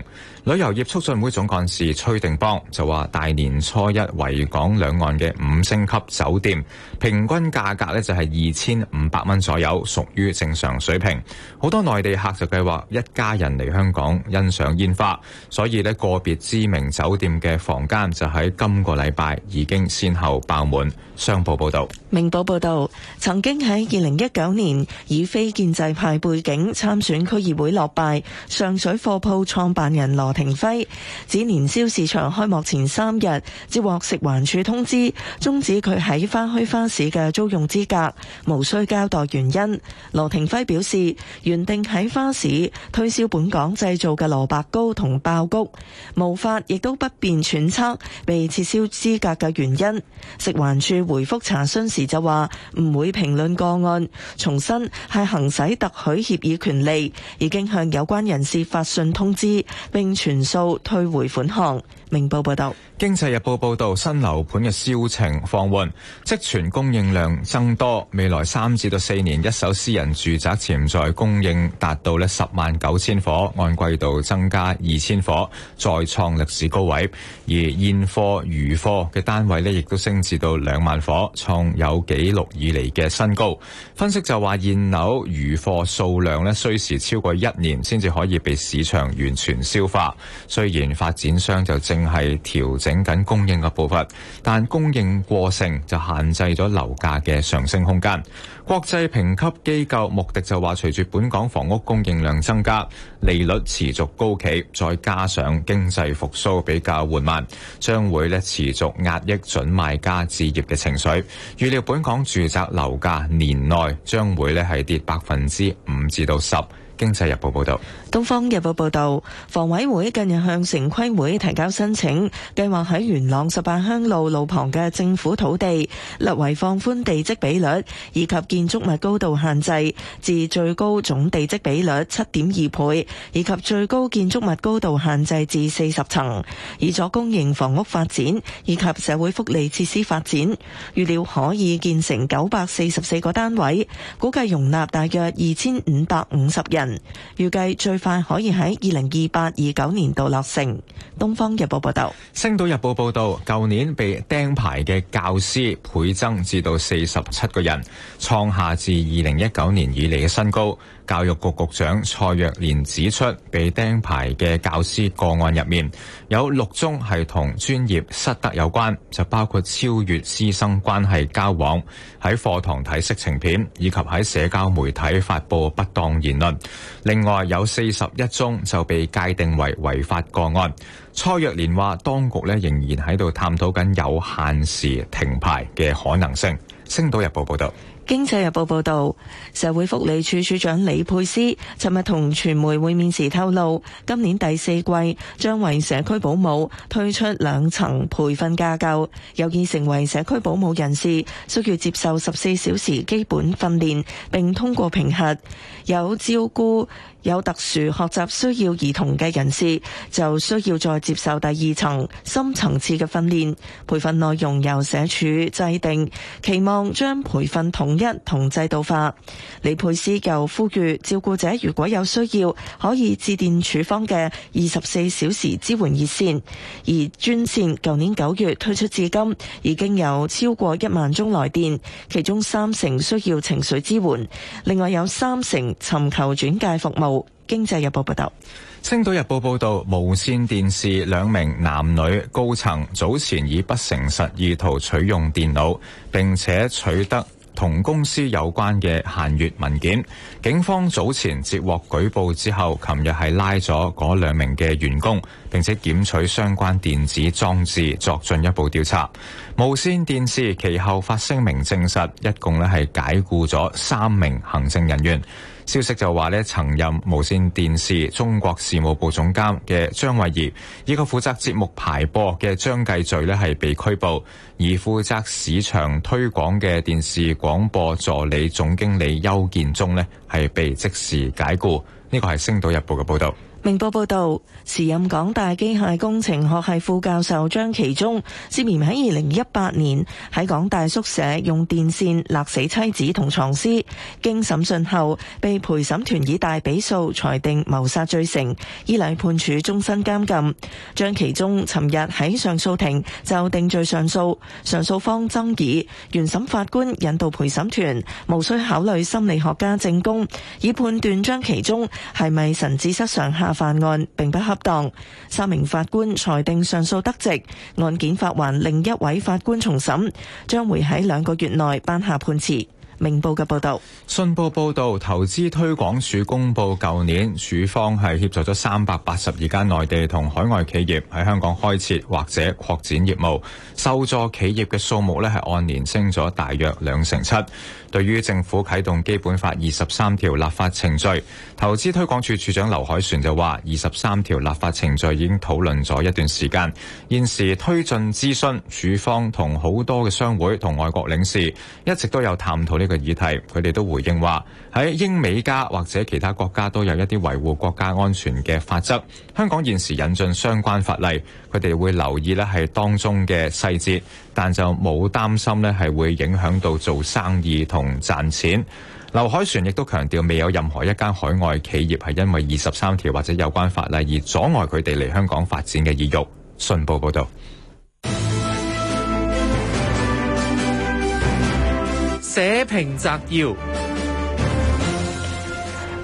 旅遊業促進會總幹事崔定邦就話：大年初一維港兩岸嘅五星級酒店平均價格呢，就係二千五百蚊左右，屬於正常水平。好多內地客就計劃一家人嚟香港欣賞煙花，所以呢個別知名酒店嘅房間就喺今個禮拜已經先後爆滿。商報報道，明報報道，曾經喺二零一九年以非建制派背景參選區議會落敗，上水貨鋪創辦人羅庭輝指年宵市場開幕前三日接獲食環署通知，終止佢喺花墟花市嘅租用資格，無需交代原因。羅庭輝表示，原定喺花市推銷本港製造嘅蘿蔔糕同爆穀，無法亦都不便揣測被撤銷資格嘅原因。食環署，回覆查詢時就話唔會評論個案，重申係行使特許協議權利，已經向有關人士發信通知，並全數退回款項。明報報道，經濟日報報道，新樓盤嘅銷情放緩，積存供應量增多。未來三至到四年，一手私人住宅潛在供應達到呢十萬九千伙，按季度增加二千伙，再創歷史高位。而現貨餘貨嘅單位呢，亦都升至到兩萬伙，創有紀錄以嚟嘅新高。分析就話，現樓餘貨數量呢，需時超過一年先至可以被市場完全消化。雖然發展商就正。係調整緊供應嘅步伐，但供應過剩就限制咗樓價嘅上升空間。國際評級機構穆迪就話，隨住本港房屋供應量增加，利率持續高企，再加上經濟復蘇比較緩慢，將會咧持續壓抑準買家置業嘅情緒。預料本港住宅樓價年內將會咧係跌百分之五至到十。經濟日報報道。東方日報報道，房委會近日向城規會提交申請，計劃喺元朗十八鄉路路旁嘅政府土地，略為放寬地積比率以及建築物高度限制，至最高總地積比率七點二倍，以及最高建築物高度限制至四十層，以咗公營房屋發展以及社會福利設施發展，預料可以建成九百四十四個單位，估計容納大約二千五百五十人，預計最。快可以喺二零二八二九年度落成。東方日報報道，星島日報報道，舊年被釘牌嘅教師倍增至到四十七個人，創下自二零一九年以嚟嘅新高。教育局局長蔡若蓮指出，被釘牌嘅教師個案入面有六宗係同專業失德有關，就包括超越師生關係交往、喺課堂睇色情片以及喺社交媒體發布不當言論。另外有四十一宗就被界定為違法個案。蔡若蓮話，當局咧仍然喺度探討緊有限時停牌嘅可能性。星島日報報道。經濟日報報道，社會福利署署長李佩斯尋日同傳媒會面時透露，今年第四季將為社區保姆推出兩層培訓架構，有意成為社區保姆人士，需要接受十四小時基本訓練，並通過評核。有照顧有特殊學習需要兒童嘅人士，就需要再接受第二層深層次嘅訓練。培訓內容由社署制定，期望將培訓統一同制度化。李佩斯又呼籲照顧者如果有需要，可以致電署方嘅二十四小時支援熱線，而專線舊年九月推出至今，已經有超過一萬宗來電，其中三成需要情緒支援，另外有三成尋求轉介服務。經濟日報報道，青島日報報道，無綫電視兩名男女高層早前以不誠實意圖取用電腦，並且取得同公司有關嘅限閱文件。警方早前接獲舉報之後，琴日係拉咗嗰兩名嘅員工。並且檢取相關電子裝置作進一步調查。無線電視其後發聲明證實，一共咧係解雇咗三名行政人員。消息就話咧，曾任無線電視中國事務部總監嘅張慧儀，以個負責節目排播嘅張繼序咧係被拘捕，而負責市場推廣嘅電視廣播助理總經理邱建忠咧係被即時解雇。呢個係《星島日報》嘅報導。明報報道，時任港大機械工程學系副教授張其中涉嫌喺二零一八年，喺港大宿舍用電線勒死妻子同藏屍，經審訊後被陪審團以大比數裁定謀殺罪成，依例判處終身監禁。張其中尋日喺上訴庭就定罪上訴，上訴方爭議，原審法官引導陪審團無需考慮心理學家證供，以判斷張其中係咪神志失常下。犯案並不恰當，三名法官裁定上訴得直，案件發還另一位法官重審，將會喺兩個月內頒下判詞。明報嘅報道，信報報道，投資推廣署公布，舊年署方係協助咗三百八十二間內地同海外企業喺香港開設或者擴展業務，受助企業嘅數目呢，係按年升咗大約兩成七。對於政府啟動《基本法》二十三條立法程序，投資推廣署署長劉凱旋就話：二十三條立法程序已經討論咗一段時間，現時推進諮詢處方同好多嘅商會同外國領事，一直都有探討呢個議題，佢哋都回應話。喺英美加或者其他國家都有一啲維護國家安全嘅法則，香港現時引進相關法例，佢哋會留意咧係當中嘅細節，但就冇擔心咧係會影響到做生意同賺錢。劉凱旋亦都強調，未有任何一間海外企業係因為二十三條或者有關法例而阻礙佢哋嚟香港發展嘅意欲。信報報導。社評摘要。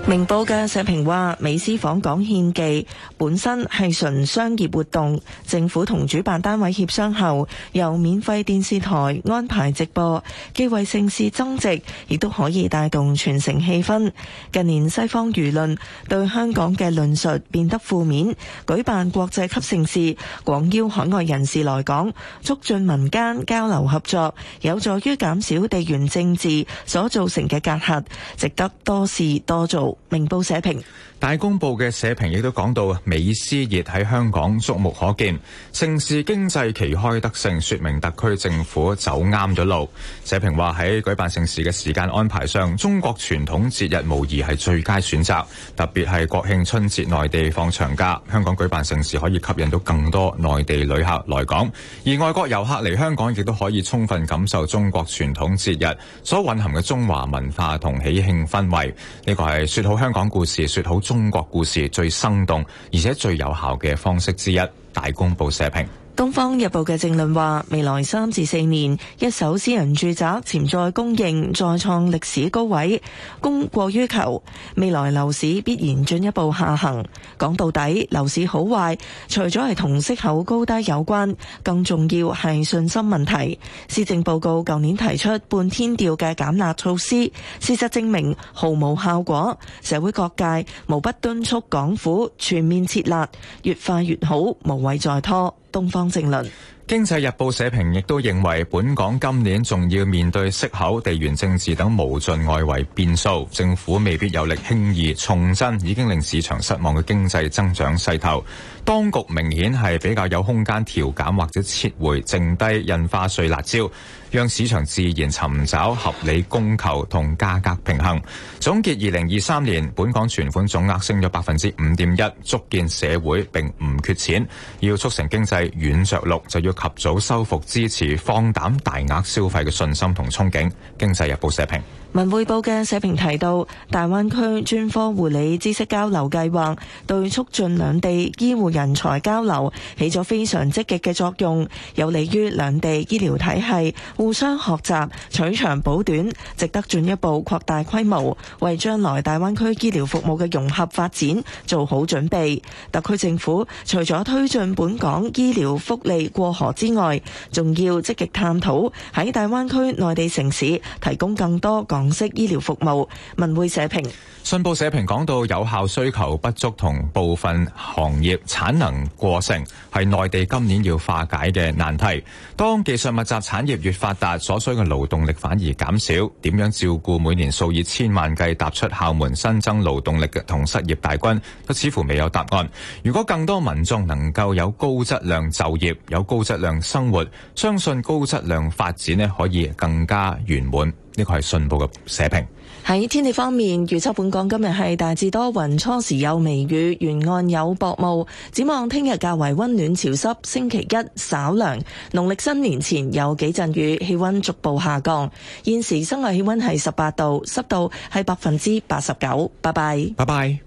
明報嘅石平話，美斯訪港獻技，本身係純商業活動，政府同主辦單位協商後，由免費電視台安排直播，既為盛事增值，亦都可以帶動全城氣氛。近年西方輿論對香港嘅論述變得負面，舉辦國際級盛事，廣邀海外人士來港，促進民間交流合作，有助於減少地緣政治所造成嘅隔閡，值得多事多做。明報社評。大公報嘅社評亦都講到，美斯熱喺香港觸目可見。盛事經濟旗開得勝，説明特區政府走啱咗路。社評話喺舉辦盛事嘅時間安排上，中國傳統節日無疑係最佳選擇，特別係國慶、春節，內地放長假，香港舉辦盛事可以吸引到更多內地旅客來港，而外國遊客嚟香港亦都可以充分感受中國傳統節日所蘊含嘅中華文化同喜慶氛圍。呢個係説好香港故事，説好中國故事最生動而且最有效嘅方式之一，大公報社評。東方日報嘅正論話，未來三至四年一手私人住宅潛在供應再創歷史高位，供過於求，未來樓市必然進一步下行。講到底，樓市好壞除咗係同息口高低有關，更重要係信心問題。施政報告舊年提出半天調嘅減壓措施，事實證明毫無效果，社會各界無不敦促港府全面撤辣，越快越好，無謂再拖。東方正論，《經濟日報社評》社評亦都認為，本港今年仲要面對息口、地緣政治等無盡外圍變數，政府未必有力輕易重振已經令市場失望嘅經濟增長勢頭。當局明顯係比較有空間調減或者撤回淨低印花稅辣招。讓市場自然尋找合理供求同價格平衡。總結二零二三年，本港存款總額升咗百分之五點一，足見社會並唔缺錢。要促成經濟軟着陸，就要及早修復支持放膽大額消費嘅信心同憧憬。經濟日報社評。文匯報嘅社評提到，大灣區專科護理知識交流計劃對促進兩地醫護人才交流起咗非常積極嘅作用，有利於兩地醫療體系互相學習、取長補短，值得進一步擴大規模，為將來大灣區醫療服務嘅融合發展做好準備。特區政府除咗推進本港醫療福利過河之外，仲要積極探討喺大灣區內地城市提供更多港。紅色醫療服務，文匯社評。信報社評講到有效需求不足同部分行業產能過剩係內地今年要化解嘅難題。當技術密集產業越發達，所需嘅勞動力反而減少。點樣照顧每年數以千萬計踏出校門新增勞動力嘅同失業大軍，都似乎未有答案。如果更多民眾能夠有高質量就業，有高質量生活，相信高質量發展呢可以更加圓滿。呢個係信報嘅社評。喺天氣方面，預測本港今日係大致多雲，初時有微雨，沿岸有薄霧。展望聽日較為溫暖潮濕，星期一稍涼。農曆新年前有幾陣雨，氣溫逐步下降。現時室外氣溫係十八度，濕度係百分之八十九。拜拜。拜拜。